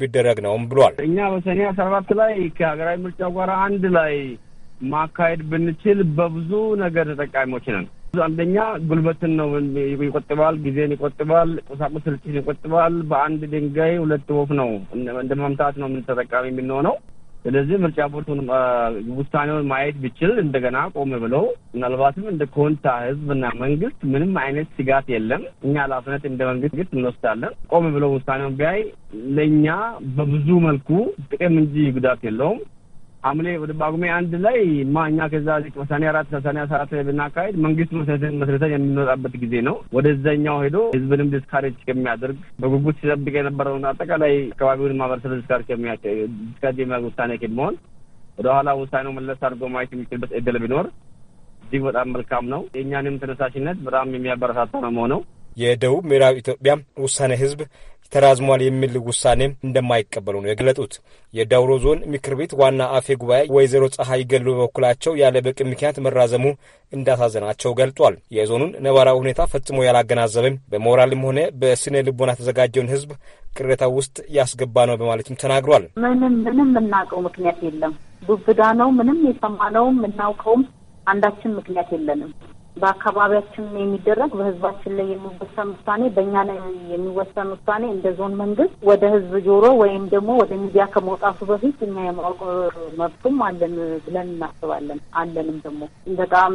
ቢደረግ ነውም ብሏል። እኛ በሰኔ 14 ላይ ከሀገራዊ ምርጫው ጋር አንድ ላይ ማካሄድ ብንችል በብዙ ነገር ተጠቃሚዎች ነን። አንደኛ ጉልበትን ነው ይቆጥባል፣ ጊዜን ይቆጥባል፣ ቁሳቁስ ስርጭትን ይቆጥባል። በአንድ ድንጋይ ሁለት ወፍ ነው እንደ መምታት ነው ምን ተጠቃሚ የምንሆነው። ስለዚህ ምርጫ ቦርዱን ውሳኔውን ማየት ቢችል እንደገና ቆም ብለው ምናልባትም እንደ ኮንታ ህዝብና መንግስት ምንም አይነት ስጋት የለም፣ እኛ ኃላፊነት እንደ መንግስት እንወስዳለን። ቆም ብለው ውሳኔውን ቢያይ ለእኛ በብዙ መልኩ ጥቅም እንጂ ጉዳት የለውም። ሐምሌ ወደ ጳጉሜ አንድ ላይ ማ እኛ ከዛ ሰኔ አራት ሰኔ አስራት ብናካሄድ መንግስት መሰረትን መስረተን የምንወጣበት ጊዜ ነው። ወደዛኛው ሄዶ ህዝብንም ዲስካሬጅ የሚያደርግ በጉጉት ሲጠብቅ የነበረውን አጠቃላይ አካባቢውን ማህበረሰብ ዲስካሬጅ ዲስካሬጅ የሚያ ውሳኔ ክድ መሆን ወደኋላ ውሳኔው መለስ አድርጎ ማየት የሚችልበት እድል ቢኖር እጅግ በጣም መልካም ነው። የእኛንም ተነሳሽነት በጣም የሚያበረታታ ነው መሆነው የደቡብ ምዕራብ ኢትዮጵያ ውሳኔ ህዝብ ተራዝሟል የሚል ውሳኔም እንደማይቀበሉ ነው የገለጡት። የዳውሮ ዞን ምክር ቤት ዋና አፈ ጉባኤ ወይዘሮ ፀሐይ ገሉ በበኩላቸው ያለ በቂ ምክንያት መራዘሙ እንዳሳዘናቸው ገልጧል። የዞኑን ነባራዊ ሁኔታ ፈጽሞ ያላገናዘበም በሞራልም ሆነ በስነ ልቦና የተዘጋጀውን ህዝብ ቅሬታ ውስጥ ያስገባ ነው በማለትም ተናግሯል። ምንም ምንም የምናውቀው ምክንያት የለም። ዱብዳ ነው። ምንም የሰማነውም የምናውቀውም አንዳችን ምክንያት የለንም። በአካባቢያችን የሚደረግ በህዝባችን ላይ የሚወሰን ውሳኔ በእኛ ላይ የሚወሰን ውሳኔ እንደ ዞን መንግስት ወደ ህዝብ ጆሮ ወይም ደግሞ ወደ ሚዲያ ከመውጣቱ በፊት እኛ የማወቅ መብቱም አለን ብለን እናስባለን። አለንም ደግሞ በጣም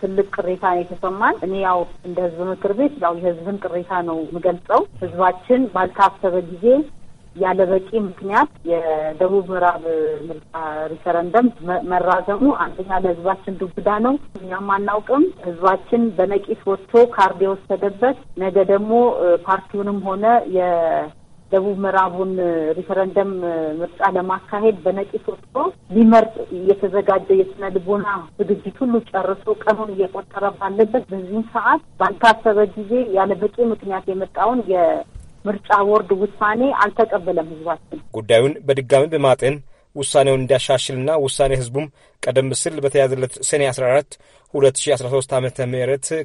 ትልቅ ቅሬታ የተሰማን እኔ ያው እንደ ህዝብ ምክር ቤት ያው የህዝብን ቅሬታ ነው የምገልጸው። ህዝባችን ባልታሰበ ጊዜ ያለ በቂ ምክንያት የደቡብ ምዕራብ ምርጫ ሪፈረንደም መራዘሙ አንደኛ ለህዝባችን ዱብዳ ነው። እኛም አናውቅም። ህዝባችን በነቂስ ወጥቶ ካርድ የወሰደበት ነገ ደግሞ ፓርቲውንም ሆነ የደቡብ ምዕራቡን ሪፈረንደም ምርጫ ለማካሄድ በነቂስ ወጥቶ ሊመርጥ እየተዘጋጀ የስነ ልቦና ዝግጅት ሁሉ ጨርሶ ቀኑን እየቆጠረ ባለበት በዚህም ሰዓት ባልታሰበ ጊዜ ያለ በቂ ምክንያት የመጣውን ምርጫ ቦርድ ውሳኔ አልተቀበለም ህዝባችን። ጉዳዩን በድጋሚ በማጤን ውሳኔውን እንዲያሻሽልና ውሳኔ ህዝቡም ቀደም ሲል በተያዘለት ሰኔ 14 2013 ዓ ም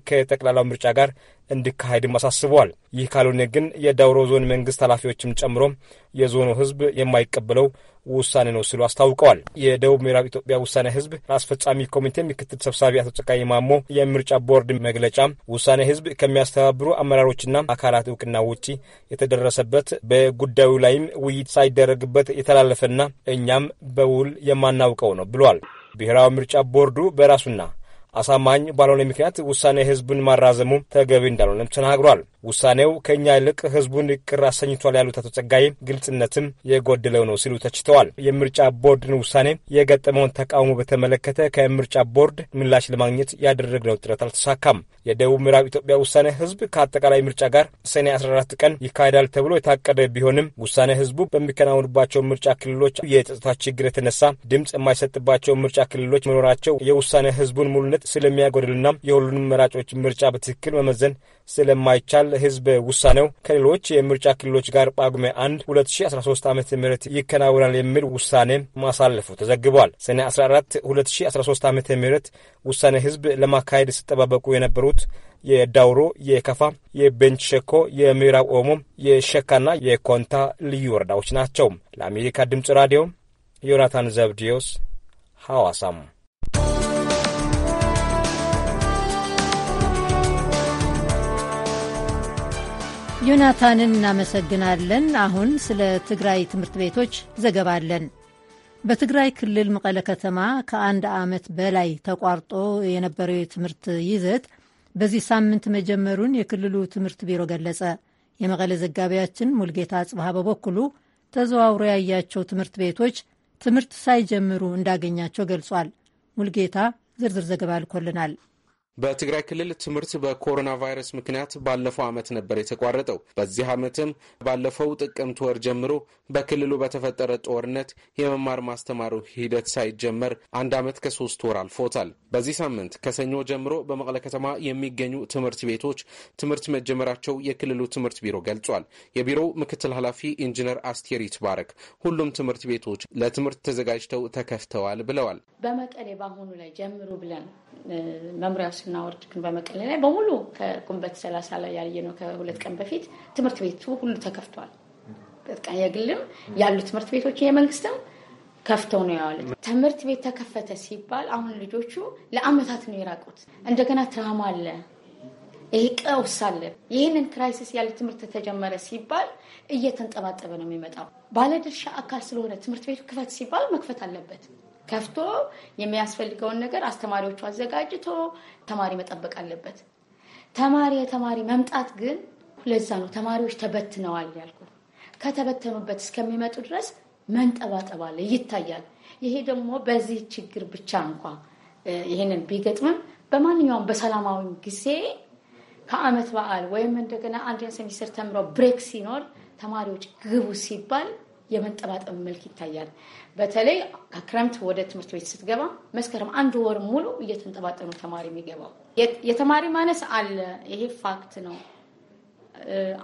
ከጠቅላላው ምርጫ ጋር እንዲካሄድም አሳስበዋል። ይህ ካልሆነ ግን የዳውሮ ዞን መንግስት ኃላፊዎችም ጨምሮ የዞኑ ህዝብ የማይቀበለው ውሳኔ ነው ሲሉ አስታውቀዋል። የደቡብ ምዕራብ ኢትዮጵያ ውሳኔ ህዝብ አስፈጻሚ ኮሚቴ ምክትል ሰብሳቢ አቶ ጸጋዬ ማሞ የምርጫ ቦርድ መግለጫ ውሳኔ ህዝብ ከሚያስተባብሩ አመራሮችና አካላት እውቅና ውጪ የተደረሰበት በጉዳዩ ላይም ውይይት ሳይደረግበት የተላለፈና እኛም በውል የማናውቀው ነው ብሏል። ብሔራዊ ምርጫ ቦርዱ በራሱና አሳማኝ ባልሆነ ምክንያት ውሳኔ ህዝብን ማራዘሙ ተገቢ እንዳልሆነም ተናግሯል። ውሳኔው ከእኛ ይልቅ ህዝቡን ቅር አሰኝቷል ያሉት አቶ ግልጽነትም የጎደለው ነው ሲሉ ተችተዋል። የምርጫ ቦርድን ውሳኔ የገጠመውን ተቃውሞ በተመለከተ ከምርጫ ቦርድ ምላሽ ለማግኘት ያደረግነው ጥረት አልተሳካም። የደቡብ ምዕራብ ኢትዮጵያ ውሳኔ ህዝብ ከአጠቃላይ ምርጫ ጋር ሰኔ 14 ቀን ይካሄዳል ተብሎ የታቀደ ቢሆንም ውሳኔ ህዝቡ በሚከናወንባቸው ምርጫ ክልሎች የጸጥታ ችግር የተነሳ ድምፅ የማይሰጥባቸው ምርጫ ክልሎች መኖራቸው የውሳኔ ህዝቡን ሙሉነት ስለሚያጎድልና የሁሉንም መራጮች ምርጫ በትክክል መመዘን ስለማይቻል ህዝብ ውሳኔው ከሌሎች የምርጫ ክልሎች ጋር ጳጉሜ 1 2013 ዓ ም ይከናወናል የሚል ውሳኔ ማሳለፉ ተዘግቧል። ሰኔ 14 2013 ዓ ም ውሳኔ ህዝብ ለማካሄድ ሲጠባበቁ የነበሩት የዳውሮ፣ የከፋ፣ የቤንች ሸኮ፣ የምዕራብ ኦሞ፣ የሸካና የኮንታ ልዩ ወረዳዎች ናቸው። ለአሜሪካ ድምፅ ራዲዮ ዮናታን ዘብዲዮስ ሐዋሳም ዮናታንን እናመሰግናለን። አሁን ስለ ትግራይ ትምህርት ቤቶች ዘገባ አለን። በትግራይ ክልል መቀለ ከተማ ከአንድ ዓመት በላይ ተቋርጦ የነበረው የትምህርት ይዘት በዚህ ሳምንት መጀመሩን የክልሉ ትምህርት ቢሮ ገለጸ። የመቀለ ዘጋቢያችን ሙልጌታ አጽብሃ በበኩሉ ተዘዋውሮ ያያቸው ትምህርት ቤቶች ትምህርት ሳይጀምሩ እንዳገኛቸው ገልጿል። ሙልጌታ ዝርዝር ዘገባ ልኮልናል። በትግራይ ክልል ትምህርት በኮሮና ቫይረስ ምክንያት ባለፈው ዓመት ነበር የተቋረጠው። በዚህ ዓመትም ባለፈው ጥቅምት ወር ጀምሮ በክልሉ በተፈጠረ ጦርነት የመማር ማስተማሩ ሂደት ሳይጀመር አንድ ዓመት ከሶስት ወር አልፎታል። በዚህ ሳምንት ከሰኞ ጀምሮ በመቀለ ከተማ የሚገኙ ትምህርት ቤቶች ትምህርት መጀመራቸው የክልሉ ትምህርት ቢሮ ገልጿል። የቢሮው ምክትል ኃላፊ ኢንጂነር አስቴር ይትባረክ ሁሉም ትምህርት ቤቶች ለትምህርት ተዘጋጅተው ተከፍተዋል ብለዋል። በመቀሌ በአሁኑ ላይ ጀምሩ ብለን መምሪያ ስናወርድ ግን በመቀሌ ላይ በሙሉ ከጉንበት ሰላሳ ላይ ያየ ነው። ከሁለት ቀን በፊት ትምህርት ቤቱ ሁሉ ተከፍቷል። በቃ የግልም ያሉ ትምህርት ቤቶች የመንግስትም ከፍተው ነው ያዋሉት። ትምህርት ቤት ተከፈተ ሲባል አሁን ልጆቹ ለአመታት ነው የራቁት። እንደገና ትራማ አለ፣ ይሄ ቀውስ አለ። ይህንን ክራይሲስ ያለ ትምህርት ተጀመረ ሲባል እየተንጠባጠበ ነው የሚመጣው። ባለድርሻ አካል ስለሆነ ትምህርት ቤቱ ክፈት ሲባል መክፈት አለበት። ከፍቶ የሚያስፈልገውን ነገር አስተማሪዎቹ አዘጋጅቶ ተማሪ መጠበቅ አለበት። ተማሪ የተማሪ መምጣት ግን ለዛ ነው ተማሪዎች ተበትነዋል ያልኩ። ከተበተኑበት እስከሚመጡ ድረስ መንጠባጠብ አለ ይታያል። ይሄ ደግሞ በዚህ ችግር ብቻ እንኳ ይህንን ቢገጥምም በማንኛውም በሰላማዊ ጊዜ ከአመት በዓል ወይም እንደገና አንድ ሴሚስተር ተምረው ብሬክ ሲኖር ተማሪዎች ግቡ ሲባል የመጠባጠብ መልክ ይታያል። በተለይ ከክረምት ወደ ትምህርት ቤት ስትገባ መስከረም አንድ ወር ሙሉ እየተንጠባጠኑ ነው ተማሪ የሚገባው። የተማሪ ማነስ አለ፣ ይሄ ፋክት ነው።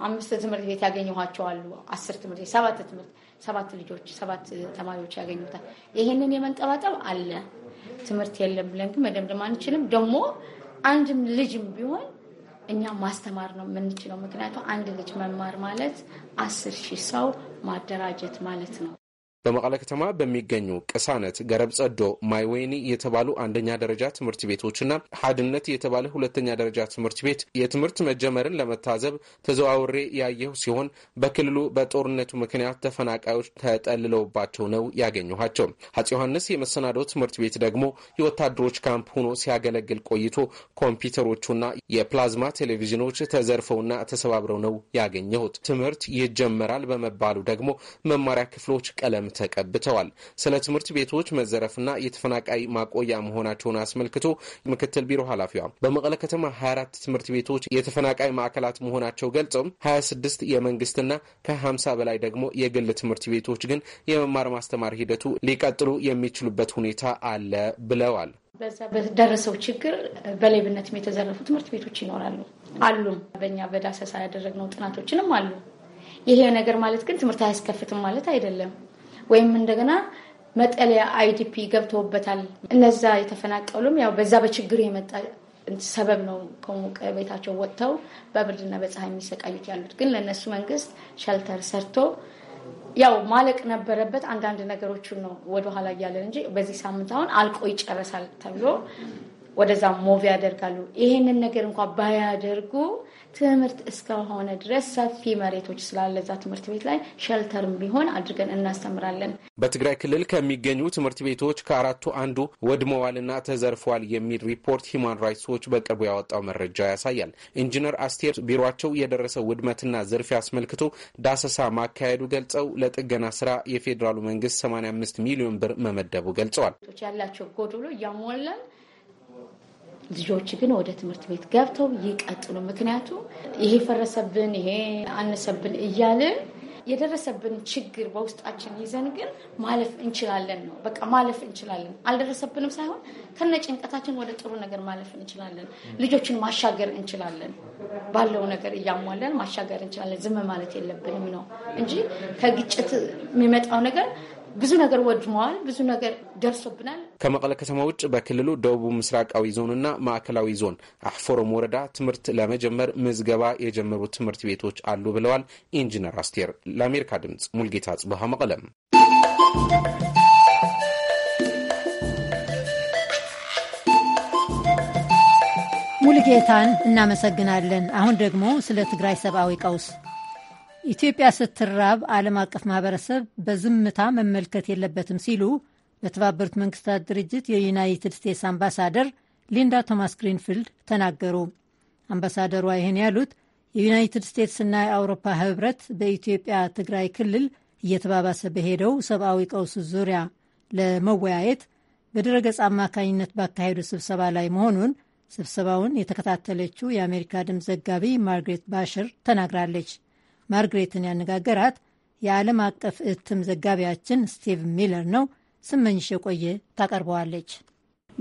አምስት ትምህርት ቤት ያገኘኋቸው አሉ። አስር ትምህርት ቤት ሰባት ትምህርት ሰባት ልጆች ሰባት ተማሪዎች ያገኙታል። ይሄንን የመንጠባጠብ አለ። ትምህርት የለም ብለን ግን መደምደም አንችልም። ደግሞ አንድም ልጅም ቢሆን እኛ ማስተማር ነው የምንችለው። ምክንያቱም አንድ ልጅ መማር ማለት አስር ሺህ ሰው ማደራጀት ማለት ነው። በመቀለ ከተማ በሚገኙ ቅሳነት፣ ገረብ ጸዶ፣ ማይወይኒ የተባሉ አንደኛ ደረጃ ትምህርት ቤቶችና ሀድነት የተባለ ሁለተኛ ደረጃ ትምህርት ቤት የትምህርት መጀመርን ለመታዘብ ተዘዋውሬ ያየሁ ሲሆን በክልሉ በጦርነቱ ምክንያት ተፈናቃዮች ተጠልለውባቸው ነው ያገኘኋቸው። አጼ ዮሐንስ የመሰናዶ ትምህርት ቤት ደግሞ የወታደሮች ካምፕ ሆኖ ሲያገለግል ቆይቶ ኮምፒውተሮቹና የፕላዝማ ቴሌቪዥኖች ተዘርፈውና ተሰባብረው ነው ያገኘሁት። ትምህርት ይጀመራል በመባሉ ደግሞ መማሪያ ክፍሎች ቀለም ተቀብተዋል። ስለ ትምህርት ቤቶች መዘረፍና የተፈናቃይ ማቆያ መሆናቸውን አስመልክቶ ምክትል ቢሮ ኃላፊዋ በመቀለ ከተማ 24 ትምህርት ቤቶች የተፈናቃይ ማዕከላት መሆናቸው ገልጸው 26 የመንግስትና ከ50 በላይ ደግሞ የግል ትምህርት ቤቶች ግን የመማር ማስተማር ሂደቱ ሊቀጥሉ የሚችሉበት ሁኔታ አለ ብለዋል። በዛ በደረሰው ችግር በሌብነትም የተዘረፉ ትምህርት ቤቶች ይኖራሉ አሉም በእኛ በዳሰሳ ያደረግነው ጥናቶችንም አሉ። ይሄ ነገር ማለት ግን ትምህርት አያስከፍትም ማለት አይደለም። ወይም እንደገና መጠለያ አይዲፒ ገብተውበታል። እነዛ የተፈናቀሉም ያው በዛ በችግር የመጣ ሰበብ ነው። ከሞቀ ቤታቸው ወጥተው በብርድና በፀሐይ የሚሰቃዩት ያሉት ግን ለእነሱ መንግስት ሸልተር ሰርቶ ያው ማለቅ ነበረበት። አንዳንድ ነገሮችን ነው ወደኋላ እያለን እንጂ በዚህ ሳምንት አሁን አልቆ ይጨረሳል ተብሎ ወደዛ ሞቭ ያደርጋሉ። ይሄንን ነገር እንኳን ባያደርጉ ትምህርት እስከሆነ ድረስ ሰፊ መሬቶች ስላለዛ ትምህርት ቤት ላይ ሸልተርም ቢሆን አድርገን እናስተምራለን። በትግራይ ክልል ከሚገኙ ትምህርት ቤቶች ከአራቱ አንዱ ወድመዋልና ተዘርፏል የሚል ሪፖርት ሂማን ራይትስ ዎች በቅርቡ ያወጣው መረጃ ያሳያል። ኢንጂነር አስቴር ቢሮቸው የደረሰው ውድመትና ዝርፊያ አስመልክቶ ዳሰሳ ማካሄዱ ገልጸው ለጥገና ስራ የፌዴራሉ መንግስት 85 ሚሊዮን ብር መመደቡ ገልጸዋል። ያላቸው ጎዶሎ እያሟላን ልጆች ግን ወደ ትምህርት ቤት ገብተው ይቀጥሉ። ምክንያቱም ይሄ ፈረሰብን፣ ይሄ አነሰብን እያልን የደረሰብን ችግር በውስጣችን ይዘን ግን ማለፍ እንችላለን ነው። በቃ ማለፍ እንችላለን፣ አልደረሰብንም ሳይሆን ከነ ጭንቀታችን ወደ ጥሩ ነገር ማለፍ እንችላለን። ልጆችን ማሻገር እንችላለን። ባለው ነገር እያሟለን ማሻገር እንችላለን። ዝም ማለት የለብንም ነው እንጂ ከግጭት የሚመጣው ነገር ብዙ ነገር ወድመዋል፣ ብዙ ነገር ደርሶብናል። ከመቀለ ከተማ ውጭ በክልሉ ደቡብ ምስራቃዊ ዞንና ማዕከላዊ ዞን አሕፈሮም ወረዳ ትምህርት ለመጀመር ምዝገባ የጀመሩ ትምህርት ቤቶች አሉ ብለዋል ኢንጂነር አስቴር። ለአሜሪካ ድምፅ ሙልጌታ ጽብሃ መቀለም። ሙልጌታን እናመሰግናለን። አሁን ደግሞ ስለ ትግራይ ሰብአዊ ቀውስ ኢትዮጵያ ስትራብ ዓለም አቀፍ ማህበረሰብ በዝምታ መመልከት የለበትም ሲሉ በተባበሩት መንግስታት ድርጅት የዩናይትድ ስቴትስ አምባሳደር ሊንዳ ቶማስ ግሪንፊልድ ተናገሩ። አምባሳደሯ ይህን ያሉት የዩናይትድ ስቴትስና የአውሮፓ ህብረት በኢትዮጵያ ትግራይ ክልል እየተባባሰ በሄደው ሰብአዊ ቀውስ ዙሪያ ለመወያየት በድረገጽ አማካኝነት ባካሄዱ ስብሰባ ላይ መሆኑን ስብሰባውን የተከታተለችው የአሜሪካ ድምፅ ዘጋቢ ማርግሬት ባሽር ተናግራለች። ማርግሬትን ያነጋገራት የዓለም አቀፍ እትም ዘጋቢያችን ስቲቭ ሚለር ነው። ስመኝሽ የቆየ ታቀርበዋለች።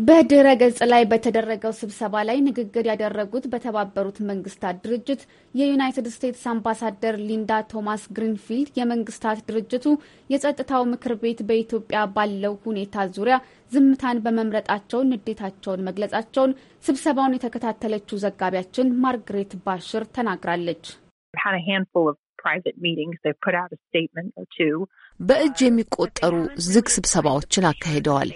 በድረ ገጽ ላይ በተደረገው ስብሰባ ላይ ንግግር ያደረጉት በተባበሩት መንግስታት ድርጅት የዩናይትድ ስቴትስ አምባሳደር ሊንዳ ቶማስ ግሪንፊልድ የመንግስታት ድርጅቱ የጸጥታው ምክር ቤት በኢትዮጵያ ባለው ሁኔታ ዙሪያ ዝምታን በመምረጣቸው ንዴታቸውን መግለጻቸውን ስብሰባውን የተከታተለችው ዘጋቢያችን ማርግሬት ባሽር ተናግራለች። had a handful of private meetings. They put out a statement or two. በእጅ የሚቆጠሩ ዝግ ስብሰባዎችን አካሂደዋል።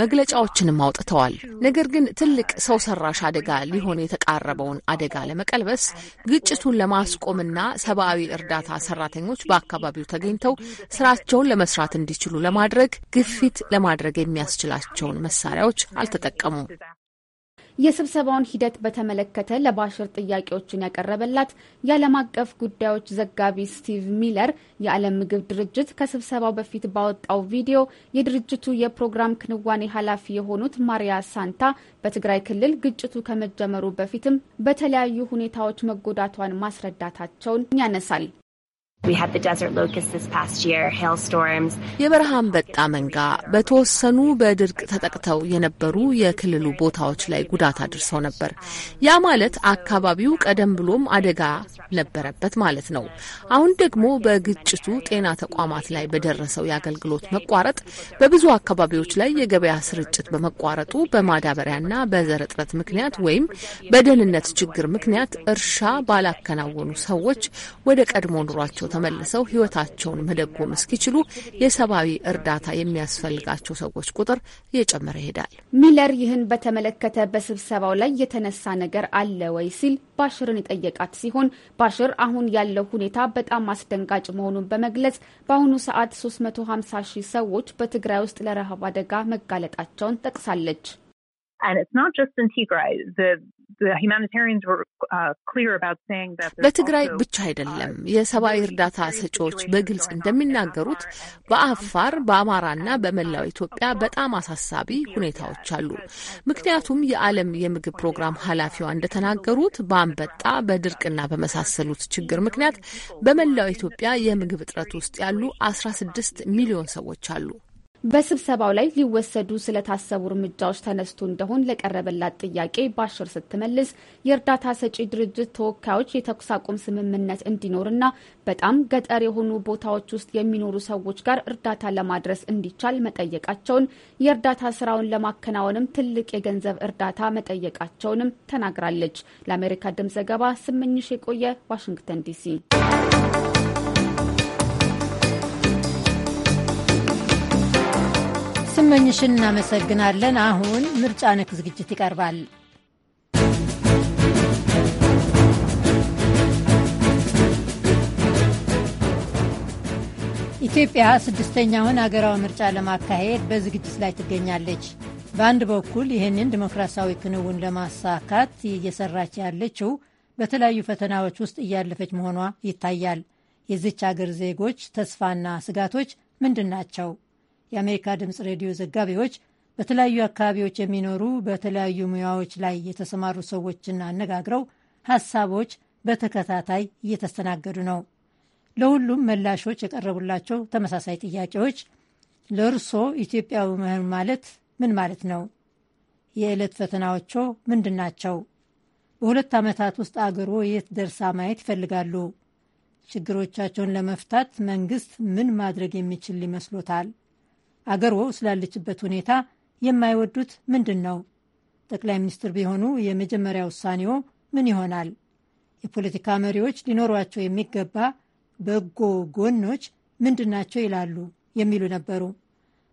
መግለጫዎችንም አውጥተዋል። ነገር ግን ትልቅ ሰው ሰራሽ አደጋ ሊሆን የተቃረበውን አደጋ ለመቀልበስ ግጭቱን ለማስቆምና ሰብአዊ እርዳታ ሰራተኞች በአካባቢው ተገኝተው ስራቸውን ለመስራት እንዲችሉ ለማድረግ ግፊት ለማድረግ የሚያስችላቸውን መሳሪያዎች አልተጠቀሙም። የስብሰባውን ሂደት በተመለከተ ለባሽር ጥያቄዎችን ያቀረበላት የዓለም አቀፍ ጉዳዮች ዘጋቢ ስቲቭ ሚለር የዓለም ምግብ ድርጅት ከስብሰባው በፊት ባወጣው ቪዲዮ የድርጅቱ የፕሮግራም ክንዋኔ ኃላፊ የሆኑት ማሪያ ሳንታ በትግራይ ክልል ግጭቱ ከመጀመሩ በፊትም በተለያዩ ሁኔታዎች መጎዳቷን ማስረዳታቸውን ያነሳል። የበረሃ አንበጣ መንጋ በተወሰኑ በድርቅ ተጠቅተው የነበሩ የክልሉ ቦታዎች ላይ ጉዳት አድርሰው ነበር። ያ ማለት አካባቢው ቀደም ብሎም አደጋ ነበረበት ማለት ነው። አሁን ደግሞ በግጭቱ ጤና ተቋማት ላይ በደረሰው የአገልግሎት መቋረጥ፣ በብዙ አካባቢዎች ላይ የገበያ ስርጭት በመቋረጡ በማዳበሪያና በዘር እጥረት ምክንያት ወይም በደህንነት ችግር ምክንያት እርሻ ባላከናወኑ ሰዎች ወደ ቀድሞ ኑሯቸው ተመልሰው ህይወታቸውን መደጎም እስኪችሉ የሰብአዊ እርዳታ የሚያስፈልጋቸው ሰዎች ቁጥር እየጨመረ ይሄዳል። ሚለር ይህን በተመለከተ በስብሰባው ላይ የተነሳ ነገር አለ ወይ ሲል ባሽርን የጠየቃት ሲሆን ባሽር አሁን ያለው ሁኔታ በጣም አስደንጋጭ መሆኑን በመግለጽ በአሁኑ ሰዓት 350 ሺህ ሰዎች በትግራይ ውስጥ ለረሃብ አደጋ መጋለጣቸውን ጠቅሳለች። And it's not just in Tigray. The Uh, በትግራይ ብቻ አይደለም። uh, የሰብአዊ እርዳታ ሰጪዎች በግልጽ እንደሚናገሩት በአፋር፣ በአማራና uh, በመላው ኢትዮጵያ በጣም አሳሳቢ ሁኔታዎች አሉ። ምክንያቱም የዓለም የምግብ ፕሮግራም ኃላፊዋ እንደተናገሩት በአንበጣ በድርቅና በመሳሰሉት ችግር ምክንያት በመላው ኢትዮጵያ የምግብ እጥረት ውስጥ ያሉ አስራ ስድስት ሚሊዮን ሰዎች አሉ። በስብሰባው ላይ ሊወሰዱ ስለታሰቡ እርምጃዎች ተነስቶ እንደሆን ለቀረበላት ጥያቄ ባሽር ስትመልስ የእርዳታ ሰጪ ድርጅት ተወካዮች የተኩስ አቁም ስምምነት እንዲኖርና በጣም ገጠር የሆኑ ቦታዎች ውስጥ የሚኖሩ ሰዎች ጋር እርዳታ ለማድረስ እንዲቻል መጠየቃቸውን የእርዳታ ስራውን ለማከናወንም ትልቅ የገንዘብ እርዳታ መጠየቃቸውንም ተናግራለች። ለአሜሪካ ድምፅ ዘገባ ስምኝሽ የቆየ ዋሽንግተን ዲሲ። ስመኝሽን እናመሰግናለን። አሁን ምርጫ ነክ ዝግጅት ይቀርባል። ኢትዮጵያ ስድስተኛውን አገራዊ ምርጫ ለማካሄድ በዝግጅት ላይ ትገኛለች። በአንድ በኩል ይህንን ዲሞክራሲያዊ ክንውን ለማሳካት እየሰራች ያለችው በተለያዩ ፈተናዎች ውስጥ እያለፈች መሆኗ ይታያል። የዚች አገር ዜጎች ተስፋና ስጋቶች ምንድን ናቸው? የአሜሪካ ድምፅ ሬዲዮ ዘጋቢዎች በተለያዩ አካባቢዎች የሚኖሩ በተለያዩ ሙያዎች ላይ የተሰማሩ ሰዎችን አነጋግረው ሀሳቦች በተከታታይ እየተስተናገዱ ነው። ለሁሉም መላሾች የቀረቡላቸው ተመሳሳይ ጥያቄዎች ለእርሶ ኢትዮጵያዊ መሆን ማለት ምን ማለት ነው? የዕለት ፈተናዎቾ ምንድን ናቸው? በሁለት ዓመታት ውስጥ አገሮ የት ደርሳ ማየት ይፈልጋሉ? ችግሮቻቸውን ለመፍታት መንግስት ምን ማድረግ የሚችል ይመስሎታል? አገሮ ስላለችበት ሁኔታ የማይወዱት ምንድን ነው? ጠቅላይ ሚኒስትር ቢሆኑ የመጀመሪያ ውሳኔው ምን ይሆናል? የፖለቲካ መሪዎች ሊኖሯቸው የሚገባ በጎ ጎኖች ምንድናቸው ይላሉ? የሚሉ ነበሩ።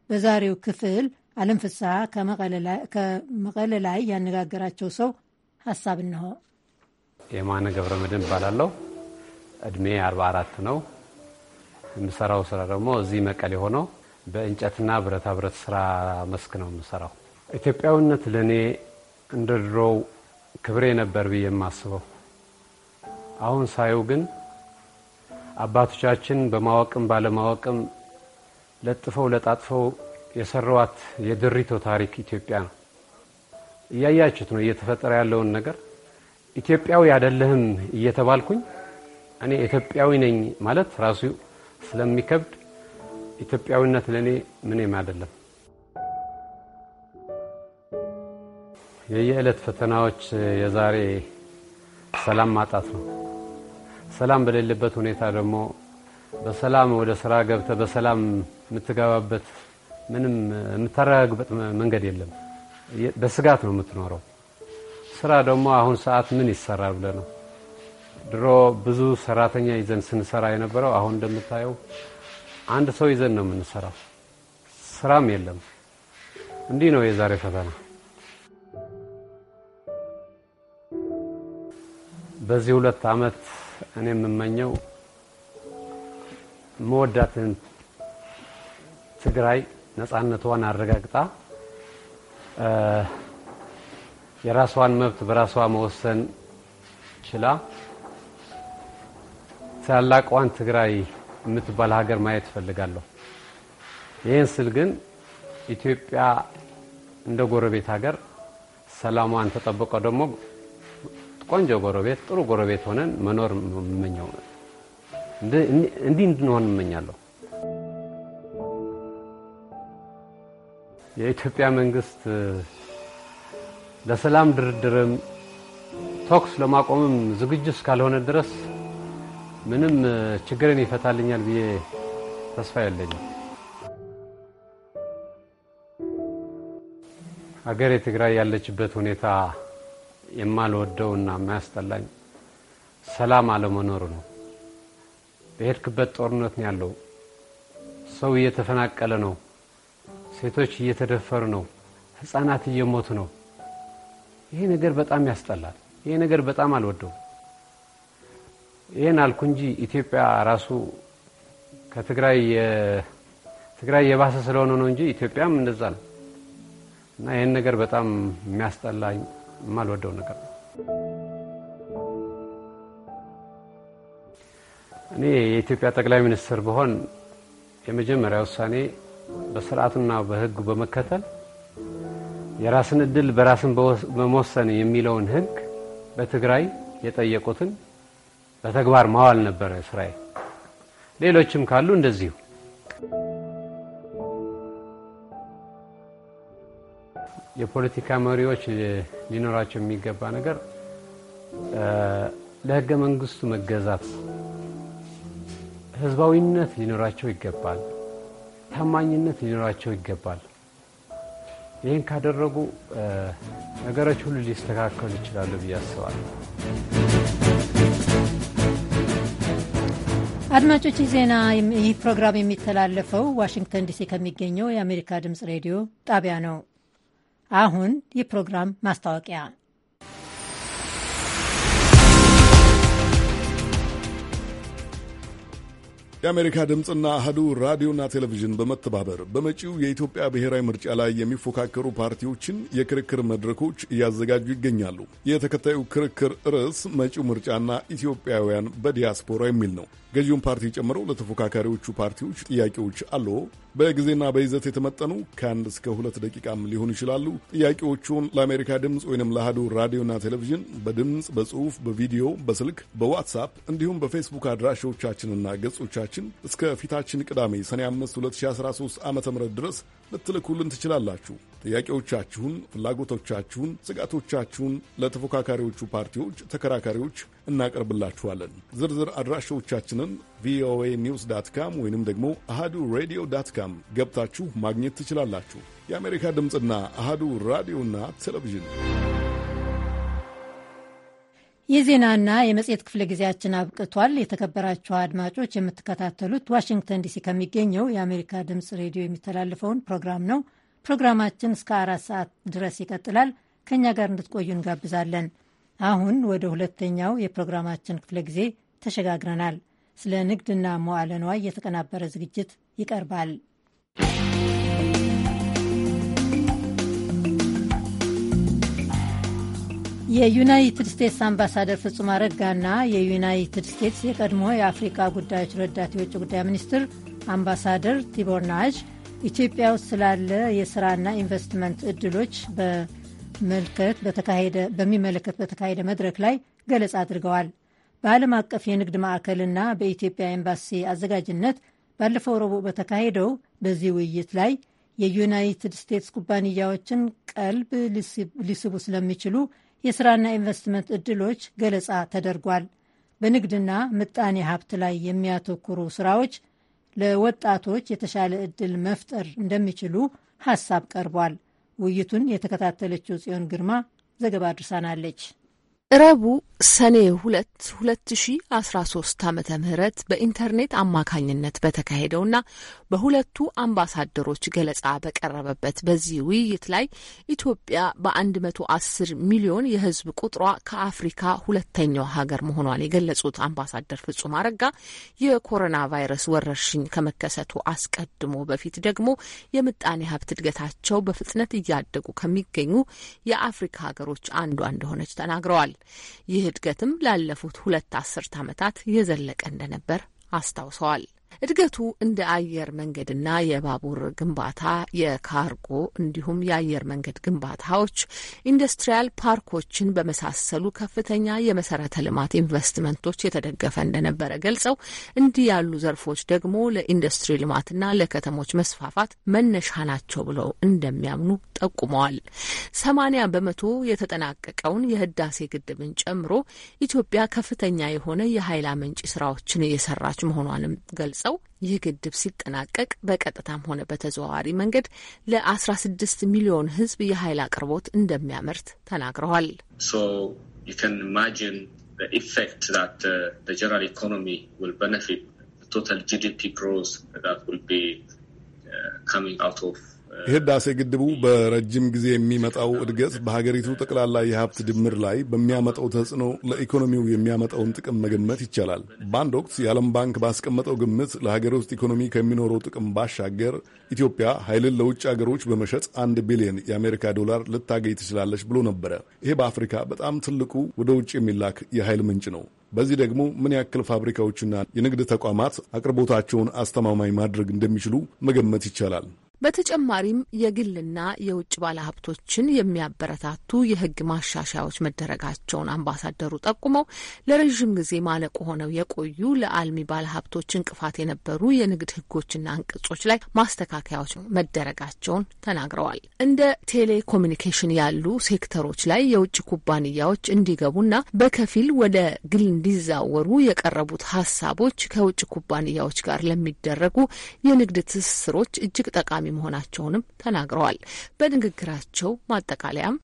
በዛሬው ክፍል አለም ፍስሐ ከመቀለ ላይ ያነጋገራቸው ሰው ሀሳብ እንሆ። የማነ ገብረ መድን እባላለሁ። እድሜ 44 ነው። የምሰራው ስራ ደግሞ እዚህ መቀሌ ሆነው በእንጨትና ብረታ ብረት ስራ መስክ ነው የምሰራው። ኢትዮጵያዊነት ለእኔ እንደ ድሮው ክብሬ ነበር ብዬ የማስበው አሁን ሳየው ግን አባቶቻችን በማወቅም ባለማወቅም ለጥፈው ለጣጥፈው የሰሯት የድሪቶ ታሪክ ኢትዮጵያ ነው። እያያችሁት ነው እየተፈጠረ ያለውን ነገር። ኢትዮጵያዊ አይደለህም እየተባልኩኝ እኔ ኢትዮጵያዊ ነኝ ማለት ራሱ ስለሚከብድ ኢትዮጵያዊነት ለእኔ ምንም አይደለም። የየዕለት ፈተናዎች የዛሬ ሰላም ማጣት ነው። ሰላም በሌለበት ሁኔታ ደግሞ በሰላም ወደ ስራ ገብተ በሰላም የምትገባበት ምንም የምታረጋግበት መንገድ የለም። በስጋት ነው የምትኖረው። ስራ ደግሞ አሁን ሰዓት ምን ይሰራል ብለህ ነው። ድሮ ብዙ ሰራተኛ ይዘን ስንሰራ የነበረው አሁን እንደምታየው አንድ ሰው ይዘን ነው የምንሰራው። ስራም የለም። እንዲህ ነው የዛሬ ፈተና። በዚህ ሁለት አመት እኔ የምመኘው መወዳትን ትግራይ ነፃነቷን አረጋግጣ የራሷን መብት በራሷ መወሰን ችላ ታላቋን ትግራይ የምትባል ሀገር ማየት እፈልጋለሁ። ይህን ስል ግን ኢትዮጵያ እንደ ጎረቤት ሀገር ሰላሟን ተጠብቀ ደግሞ ቆንጆ ጎረቤት፣ ጥሩ ጎረቤት ሆነን መኖር የምመኘው እንዲህ እንድንሆን እመኛለሁ። የኢትዮጵያ መንግስት ለሰላም ድርድርም ተኩስ ለማቆምም ዝግጁ እስካልሆነ ድረስ ምንም ችግርን ይፈታልኛል ብዬ ተስፋ የለኝም። ሀገር ትግራይ ያለችበት ሁኔታ የማልወደውና የማያስጠላኝ ሰላም አለመኖሩ ነው። በሄድክበት ጦርነት ነው ያለው። ሰው እየተፈናቀለ ነው። ሴቶች እየተደፈሩ ነው። ህፃናት እየሞቱ ነው። ይሄ ነገር በጣም ያስጠላል። ይሄ ነገር በጣም አልወደውም። ይህን አልኩ እንጂ ኢትዮጵያ ራሱ ከትግራይ ትግራይ የባሰ ስለሆነ ነው እንጂ ኢትዮጵያም እንደዛ ነው እና ይህን ነገር በጣም የሚያስጠላኝ የማልወደው ነገር ነው። እኔ የኢትዮጵያ ጠቅላይ ሚኒስትር ብሆን የመጀመሪያ ውሳኔ በስርዓቱና በሕጉ በመከተል የራስን እድል በራስን በመወሰን የሚለውን ሕግ በትግራይ የጠየቁትን በተግባር ማዋል ነበረ ስራዬ። ሌሎችም ካሉ እንደዚሁ የፖለቲካ መሪዎች ሊኖራቸው የሚገባ ነገር ለህገ መንግስቱ መገዛት፣ ህዝባዊነት ሊኖራቸው ይገባል፣ ታማኝነት ሊኖራቸው ይገባል። ይህን ካደረጉ ነገሮች ሁሉ ሊስተካከሉ ይችላሉ ብዬ አስባለሁ። አድማጮች ዜና ይህ ፕሮግራም የሚተላለፈው ዋሽንግተን ዲሲ ከሚገኘው የአሜሪካ ድምፅ ሬዲዮ ጣቢያ ነው። አሁን ይህ ፕሮግራም ማስታወቂያ። የአሜሪካ ድምፅና አህዱ ራዲዮና ቴሌቪዥን በመተባበር በመጪው የኢትዮጵያ ብሔራዊ ምርጫ ላይ የሚፎካከሩ ፓርቲዎችን የክርክር መድረኮች እያዘጋጁ ይገኛሉ። የተከታዩ ክርክር ርዕስ መጪው ምርጫና ኢትዮጵያውያን በዲያስፖራ የሚል ነው። ገዢውን ፓርቲ ጨምሮ ለተፎካካሪዎቹ ፓርቲዎች ጥያቄዎች አሉ። በጊዜና በይዘት የተመጠኑ ከአንድ እስከ ሁለት ደቂቃም ሊሆኑ ይችላሉ። ጥያቄዎቹን ለአሜሪካ ድምፅ ወይንም ለአህዱ ራዲዮና ቴሌቪዥን በድምፅ፣ በጽሁፍ፣ በቪዲዮ፣ በስልክ፣ በዋትሳፕ እንዲሁም በፌስቡክ አድራሻዎቻችንና ገጾቻችን እስከ ፊታችን ቅዳሜ ሰኔ 5 2013 ዓ ም ድረስ ልትልኩልን ትችላላችሁ። ጥያቄዎቻችሁን፣ ፍላጎቶቻችሁን፣ ስጋቶቻችሁን ለተፎካካሪዎቹ ፓርቲዎች ተከራካሪዎች እናቀርብላችኋለን። ዝርዝር አድራሻዎቻችንን ቪኦኤ ኒውስ ዳት ካም ወይንም ደግሞ አሃዱ ሬዲዮ ዳት ካም ገብታችሁ ማግኘት ትችላላችሁ። የአሜሪካ ድምፅና አሃዱ ራዲዮና ቴሌቪዥን የዜናና የመጽሔት ክፍለ ጊዜያችን አብቅቷል። የተከበራችሁ አድማጮች የምትከታተሉት ዋሽንግተን ዲሲ ከሚገኘው የአሜሪካ ድምፅ ሬዲዮ የሚተላለፈውን ፕሮግራም ነው። ፕሮግራማችን እስከ አራት ሰዓት ድረስ ይቀጥላል። ከእኛ ጋር እንድትቆዩ እንጋብዛለን። አሁን ወደ ሁለተኛው የፕሮግራማችን ክፍለ ጊዜ ተሸጋግረናል። ስለ ንግድና መዋለ ንዋይ የተቀናበረ ዝግጅት ይቀርባል። የዩናይትድ ስቴትስ አምባሳደር ፍጹም አረጋና የዩናይትድ ስቴትስ የቀድሞ የአፍሪካ ጉዳዮች ረዳት የውጭ ጉዳይ ሚኒስትር አምባሳደር ቲቦር ናጅ ኢትዮጵያ ውስጥ ስላለ የስራና ኢንቨስትመንት እድሎች በመልከት በሚመለከት በተካሄደ መድረክ ላይ ገለጻ አድርገዋል። በዓለም አቀፍ የንግድ ማዕከልና በኢትዮጵያ ኤምባሲ አዘጋጅነት ባለፈው ረቡዕ በተካሄደው በዚህ ውይይት ላይ የዩናይትድ ስቴትስ ኩባንያዎችን ቀልብ ሊስቡ ስለሚችሉ የስራና ኢንቨስትመንት እድሎች ገለጻ ተደርጓል። በንግድና ምጣኔ ሀብት ላይ የሚያተኩሩ ስራዎች ለወጣቶች የተሻለ እድል መፍጠር እንደሚችሉ ሀሳብ ቀርቧል። ውይይቱን የተከታተለችው ጽዮን ግርማ ዘገባ አድርሳናለች። ረቡ ሰኔ ሁለት ሁለት ሺ አስራ ሶስት ዓመተ ምህረት በኢንተርኔት አማካኝነት በተካሄደውና በሁለቱ አምባሳደሮች ገለጻ በቀረበበት በዚህ ውይይት ላይ ኢትዮጵያ በአንድ መቶ አስር ሚሊዮን የህዝብ ቁጥሯ ከአፍሪካ ሁለተኛው ሀገር መሆኗን የገለጹት አምባሳደር ፍጹም አረጋ የኮሮና ቫይረስ ወረርሽኝ ከመከሰቱ አስቀድሞ በፊት ደግሞ የምጣኔ ሀብት እድገታቸው በፍጥነት እያደጉ ከሚገኙ የአፍሪካ ሀገሮች አንዷ እንደሆነች ተናግረዋል። ይህ እድገትም ላለፉት ሁለት አስርት ዓመታት የዘለቀ እንደነበር አስታውሰዋል። እድገቱ እንደ አየር መንገድና የባቡር ግንባታ፣ የካርጎ እንዲሁም የአየር መንገድ ግንባታዎች፣ ኢንዱስትሪያል ፓርኮችን በመሳሰሉ ከፍተኛ የመሰረተ ልማት ኢንቨስትመንቶች የተደገፈ እንደነበረ ገልጸው እንዲህ ያሉ ዘርፎች ደግሞ ለኢንዱስትሪ ልማትና ለከተሞች መስፋፋት መነሻ ናቸው ብለው እንደሚያምኑ ጠቁመዋል። ሰማኒያ በመቶ የተጠናቀቀውን የህዳሴ ግድብን ጨምሮ ኢትዮጵያ ከፍተኛ የሆነ የኃይል አመንጪ ስራዎችን እየሰራች መሆኗንም ገልጸው እንደገለጸው ይህ ግድብ ሲጠናቀቅ በቀጥታም ሆነ በተዘዋዋሪ መንገድ ለ16 ሚሊዮን ሕዝብ የኃይል አቅርቦት እንደሚያመርት ተናግረዋል። ቶታል ጂዲፒ ግሮዝ የህዳሴ ግድቡ በረጅም ጊዜ የሚመጣው እድገት በሀገሪቱ ጠቅላላ የሀብት ድምር ላይ በሚያመጣው ተጽዕኖ ለኢኮኖሚው የሚያመጣውን ጥቅም መገመት ይቻላል። በአንድ ወቅት የዓለም ባንክ ባስቀመጠው ግምት ለሀገር ውስጥ ኢኮኖሚ ከሚኖረው ጥቅም ባሻገር ኢትዮጵያ ኃይልን ለውጭ ሀገሮች በመሸጥ አንድ ቢሊዮን የአሜሪካ ዶላር ልታገኝ ትችላለች ብሎ ነበረ። ይሄ በአፍሪካ በጣም ትልቁ ወደ ውጭ የሚላክ የኃይል ምንጭ ነው። በዚህ ደግሞ ምን ያክል ፋብሪካዎችና የንግድ ተቋማት አቅርቦታቸውን አስተማማኝ ማድረግ እንደሚችሉ መገመት ይቻላል። በተጨማሪም የግልና የውጭ ባለሀብቶችን የሚያበረታቱ የሕግ ማሻሻያዎች መደረጋቸውን አምባሳደሩ ጠቁመው ለረዥም ጊዜ ማለቆ ሆነው የቆዩ ለአልሚ ባለሀብቶች እንቅፋት የነበሩ የንግድ ሕጎችና አንቀጾች ላይ ማስተካከያዎች መደረጋቸውን ተናግረዋል። እንደ ቴሌኮሚኒኬሽን ያሉ ሴክተሮች ላይ የውጭ ኩባንያዎች እንዲገቡና በከፊል ወደ ግል እንዲዛወሩ የቀረቡት ሀሳቦች ከውጭ ኩባንያዎች ጋር ለሚደረጉ የንግድ ትስስሮች እጅግ ጠቃሚ ተጠቃሚ መሆናቸውንም ተናግረዋል። በንግግራቸው ማጠቃለያም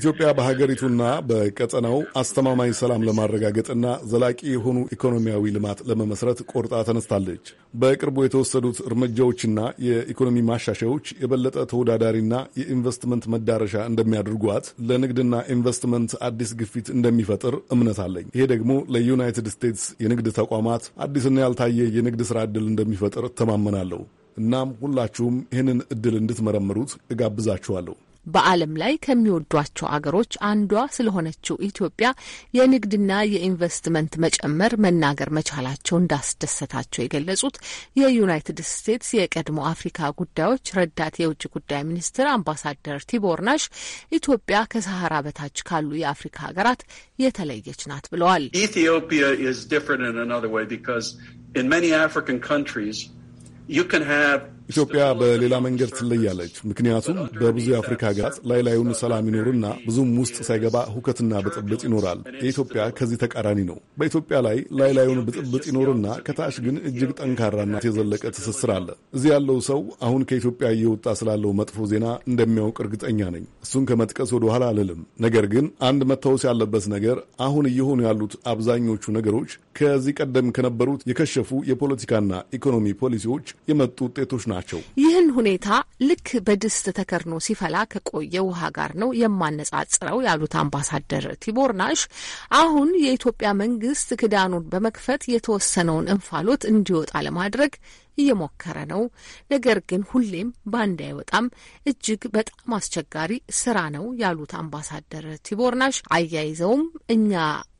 ኢትዮጵያ በሀገሪቱና በቀጠናው አስተማማኝ ሰላም ለማረጋገጥና ዘላቂ የሆኑ ኢኮኖሚያዊ ልማት ለመመስረት ቆርጣ ተነስታለች። በቅርቡ የተወሰዱት እርምጃዎችና የኢኮኖሚ ማሻሻዎች የበለጠ ተወዳዳሪና የኢንቨስትመንት መዳረሻ እንደሚያደርጓት፣ ለንግድና ኢንቨስትመንት አዲስ ግፊት እንደሚፈጥር እምነት አለኝ። ይሄ ደግሞ ለዩናይትድ ስቴትስ የንግድ ተቋማት አዲስና ያልታየ የንግድ ስራ ዕድል እንደሚፈጥር ተማመናለሁ። እናም ሁላችሁም ይህንን እድል እንድትመረምሩት እጋብዛችኋለሁ። በዓለም ላይ ከሚወዷቸው አገሮች አንዷ ስለሆነችው ኢትዮጵያ የንግድና የኢንቨስትመንት መጨመር መናገር መቻላቸው እንዳስደሰታቸው የገለጹት የዩናይትድ ስቴትስ የቀድሞ አፍሪካ ጉዳዮች ረዳት የውጭ ጉዳይ ሚኒስትር አምባሳደር ቲቦር ናሽ ኢትዮጵያ ከሰሐራ በታች ካሉ የአፍሪካ ሀገራት የተለየች ናት ብለዋል። ኢትዮጵያ ኢትዮጵያ በሌላ መንገድ ትለያለች። ምክንያቱም በብዙ የአፍሪካ ሀገራት ላይ ላዩን ሰላም ይኖርና ብዙም ውስጥ ሳይገባ ሁከትና ብጥብጥ ይኖራል። የኢትዮጵያ ከዚህ ተቃራኒ ነው። በኢትዮጵያ ላይ ላይ ላዩን ብጥብጥ ይኖርና ከታች ግን እጅግ ጠንካራና የዘለቀ ትስስር አለ። እዚህ ያለው ሰው አሁን ከኢትዮጵያ እየወጣ ስላለው መጥፎ ዜና እንደሚያውቅ እርግጠኛ ነኝ። እሱን ከመጥቀስ ወደ ኋላ አልልም። ነገር ግን አንድ መታወስ ያለበት ነገር አሁን እየሆኑ ያሉት አብዛኞቹ ነገሮች ከዚህ ቀደም ከነበሩት የከሸፉ የፖለቲካና ኢኮኖሚ ፖሊሲዎች የመጡ ውጤቶች ናቸው። ይህን ሁኔታ ልክ በድስት ተከርኖ ሲፈላ ከቆየ ውሃ ጋር ነው የማነጻጽረው ያሉት አምባሳደር ቲቦር ናሽ አሁን የኢትዮጵያ መንግስት ክዳኑን በመክፈት የተወሰነውን እንፋሎት እንዲወጣ ለማድረግ እየሞከረ ነው። ነገር ግን ሁሌም ባንድ አይወጣም። እጅግ በጣም አስቸጋሪ ስራ ነው ያሉት አምባሳደር ቲቦርናሽ አያይዘውም እኛ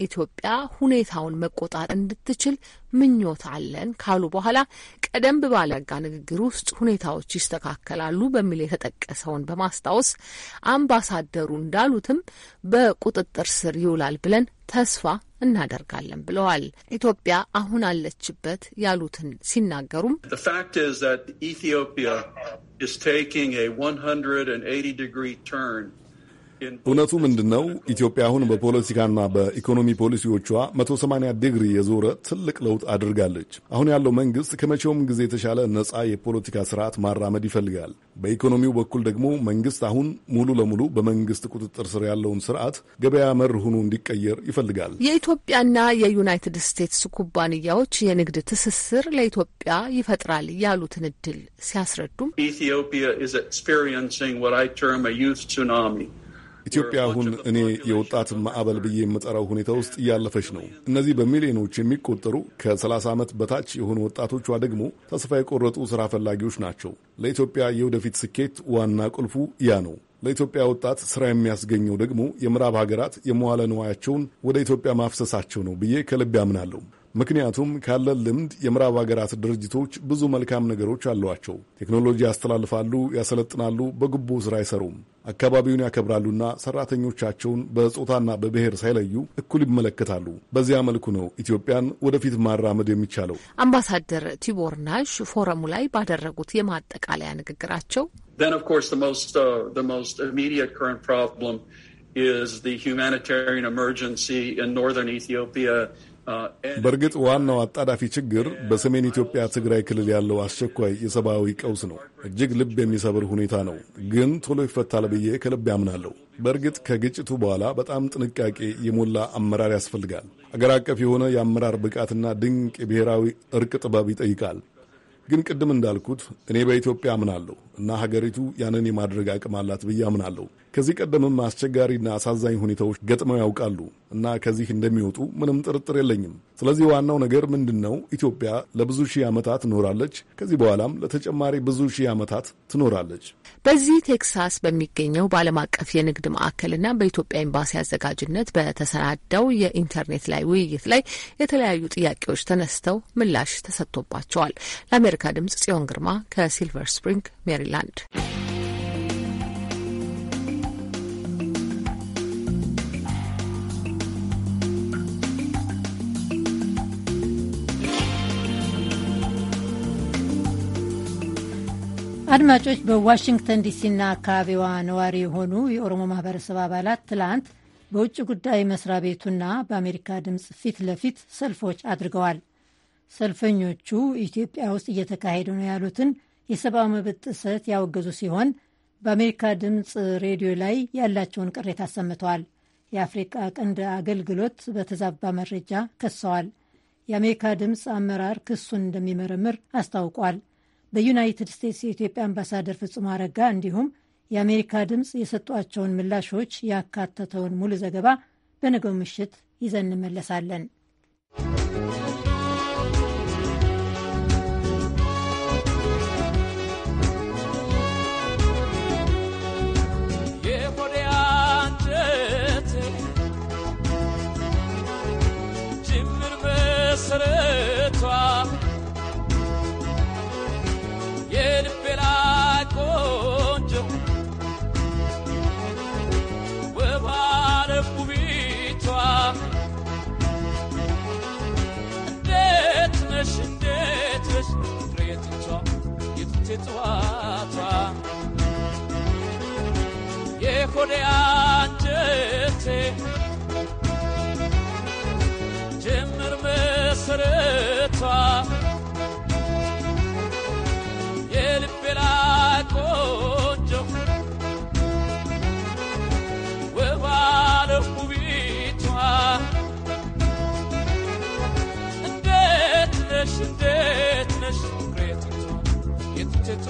ኢትዮጵያ ሁኔታውን መቆጣጠር እንድትችል ምኞት አለን ካሉ በኋላ ቀደም ባለጋ ንግግር ውስጥ ሁኔታዎች ይስተካከላሉ በሚል የተጠቀሰውን በማስታወስ አምባሳደሩ እንዳሉትም በቁጥጥር ስር ይውላል ብለን ተስፋ እናደርጋለን ብለዋል። ኢትዮጵያ አሁን አለችበት ያሉትን ሲናገሩም ኢትዮጵያ እውነቱ ምንድን ነው? ኢትዮጵያ አሁን በፖለቲካና በኢኮኖሚ ፖሊሲዎቿ 180 ዲግሪ የዞረ ትልቅ ለውጥ አድርጋለች። አሁን ያለው መንግስት ከመቼውም ጊዜ የተሻለ ነጻ የፖለቲካ ስርዓት ማራመድ ይፈልጋል። በኢኮኖሚው በኩል ደግሞ መንግስት አሁን ሙሉ ለሙሉ በመንግስት ቁጥጥር ስር ያለውን ስርዓት ገበያ መር ሆኖ እንዲቀየር ይፈልጋል። የኢትዮጵያና የዩናይትድ ስቴትስ ኩባንያዎች የንግድ ትስስር ለኢትዮጵያ ይፈጥራል ያሉትን እድል ሲያስረዱም ኢትዮጵያ ኢትዮጵያ አሁን እኔ የወጣት ማዕበል ብዬ የምጠራው ሁኔታ ውስጥ እያለፈች ነው። እነዚህ በሚሊዮኖች የሚቆጠሩ ከ30 ዓመት በታች የሆኑ ወጣቶቿ ደግሞ ተስፋ የቆረጡ ስራ ፈላጊዎች ናቸው። ለኢትዮጵያ የወደፊት ስኬት ዋና ቁልፉ ያ ነው። ለኢትዮጵያ ወጣት ስራ የሚያስገኘው ደግሞ የምዕራብ ሀገራት የመዋለ ንዋያቸውን ወደ ኢትዮጵያ ማፍሰሳቸው ነው ብዬ ከልብ ያምናለሁ። ምክንያቱም ካለን ልምድ የምዕራብ ሀገራት ድርጅቶች ብዙ መልካም ነገሮች አሏቸው። ቴክኖሎጂ ያስተላልፋሉ፣ ያሰለጥናሉ፣ በጉቦ ስራ አይሰሩም። አካባቢውን ያከብራሉና ሰራተኞቻቸውን በጾታና በብሔር ሳይለዩ እኩል ይመለከታሉ። በዚያ መልኩ ነው ኢትዮጵያን ወደፊት ማራመድ የሚቻለው። አምባሳደር ቲቦር ናሽ ፎረሙ ላይ ባደረጉት የማጠቃለያ ንግግራቸው ኢትዮጵያ። በእርግጥ ዋናው አጣዳፊ ችግር በሰሜን ኢትዮጵያ ትግራይ ክልል ያለው አስቸኳይ የሰብአዊ ቀውስ ነው። እጅግ ልብ የሚሰብር ሁኔታ ነው፣ ግን ቶሎ ይፈታል ብዬ ከልብ ያምናለሁ። በእርግጥ ከግጭቱ በኋላ በጣም ጥንቃቄ የሞላ አመራር ያስፈልጋል። አገር አቀፍ የሆነ የአመራር ብቃትና ድንቅ የብሔራዊ እርቅ ጥበብ ይጠይቃል። ግን ቅድም እንዳልኩት እኔ በኢትዮጵያ አምናለሁ። እና ሀገሪቱ ያንን የማድረግ አቅም አላት ብዬ አምናለሁ። ከዚህ ቀደምም አስቸጋሪና አሳዛኝ ሁኔታዎች ገጥመው ያውቃሉ እና ከዚህ እንደሚወጡ ምንም ጥርጥር የለኝም። ስለዚህ ዋናው ነገር ምንድን ነው? ኢትዮጵያ ለብዙ ሺህ ዓመታት ኖራለች። ከዚህ በኋላም ለተጨማሪ ብዙ ሺህ ዓመታት ትኖራለች። በዚህ ቴክሳስ በሚገኘው በዓለም አቀፍ የንግድ ማዕከልና በኢትዮጵያ ኤምባሲ አዘጋጅነት በተሰናዳው የኢንተርኔት ላይ ውይይት ላይ የተለያዩ ጥያቄዎች ተነስተው ምላሽ ተሰጥቶባቸዋል። ለአሜሪካ ድምጽ ጽዮን ግርማ ከሲልቨር ስፕሪንግ ሜሪ ሜሪላንድ። አድማጮች በዋሽንግተን ዲሲና አካባቢዋ ነዋሪ የሆኑ የኦሮሞ ማህበረሰብ አባላት ትላንት በውጭ ጉዳይ መስሪያ ቤቱና በአሜሪካ ድምፅ ፊት ለፊት ሰልፎች አድርገዋል። ሰልፈኞቹ ኢትዮጵያ ውስጥ እየተካሄደ ነው ያሉትን የሰብአዊ መብት ጥሰት ያወገዙ ሲሆን በአሜሪካ ድምፅ ሬዲዮ ላይ ያላቸውን ቅሬታ አሰምተዋል። የአፍሪቃ ቀንድ አገልግሎት በተዛባ መረጃ ከሰዋል። የአሜሪካ ድምፅ አመራር ክሱን እንደሚመረምር አስታውቋል። በዩናይትድ ስቴትስ የኢትዮጵያ አምባሳደር ፍጹም አረጋ እንዲሁም የአሜሪካ ድምፅ የሰጧቸውን ምላሾች ያካተተውን ሙሉ ዘገባ በነገው ምሽት ይዘን እንመለሳለን። ጽዋቷ የኮኔ አንጀቴ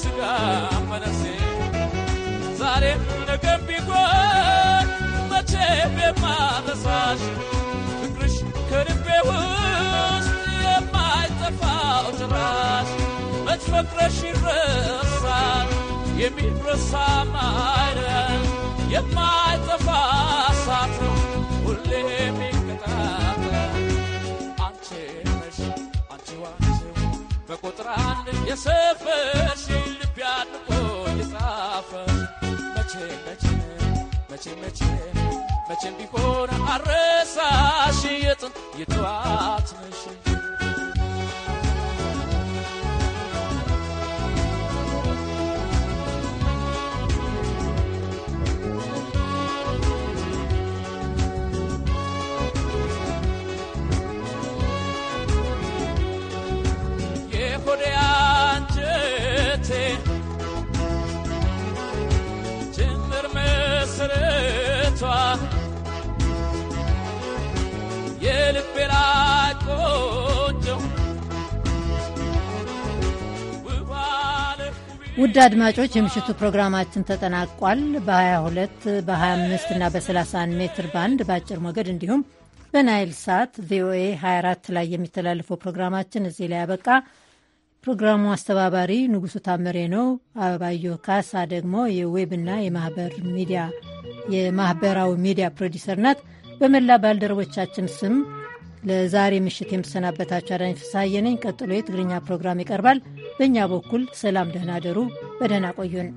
ስጋ መነሴ ዛሬም ነገም ቢሆን መቼም የማረሳሽ ፍቅርሽ ከልቤ ውስጥ የማይጠፋው ጭራሽ መትፈቅረሽ ይረሳል የሚረሳም አይደል የማይጠፋ ሳት ሁሌ በቁጥር አንድ የሰፈርሽ ልብ ያድቆ የጻፈ መቼ መቼ መቼ መቼ መቼም ቢሆን አረሳሽ የጥንት ይተዋል ውድ አድማጮች የምሽቱ ፕሮግራማችን ተጠናቋል። በ22 በ25 እና በ31 ሜትር ባንድ በአጭር ሞገድ እንዲሁም በናይል ሳት ቪኦኤ 24 ላይ የሚተላለፈው ፕሮግራማችን እዚህ ላይ ያበቃ። ፕሮግራሙ አስተባባሪ ንጉሱ ታመሬ ነው። አበባዮ ካሳ ደግሞ የዌብና የማህበር ሚዲያ የማህበራዊ ሚዲያ ፕሮዲሰር ናት። በመላ ባልደረቦቻችን ስም ለዛሬ ምሽት የምሰናበታችሁ አዳኝ ፍስሐዬ ነኝ። ቀጥሎ የትግርኛ ፕሮግራም ይቀርባል። በእኛ በኩል ሰላም፣ ደህና ደሩ፣ በደህና ቆዩን።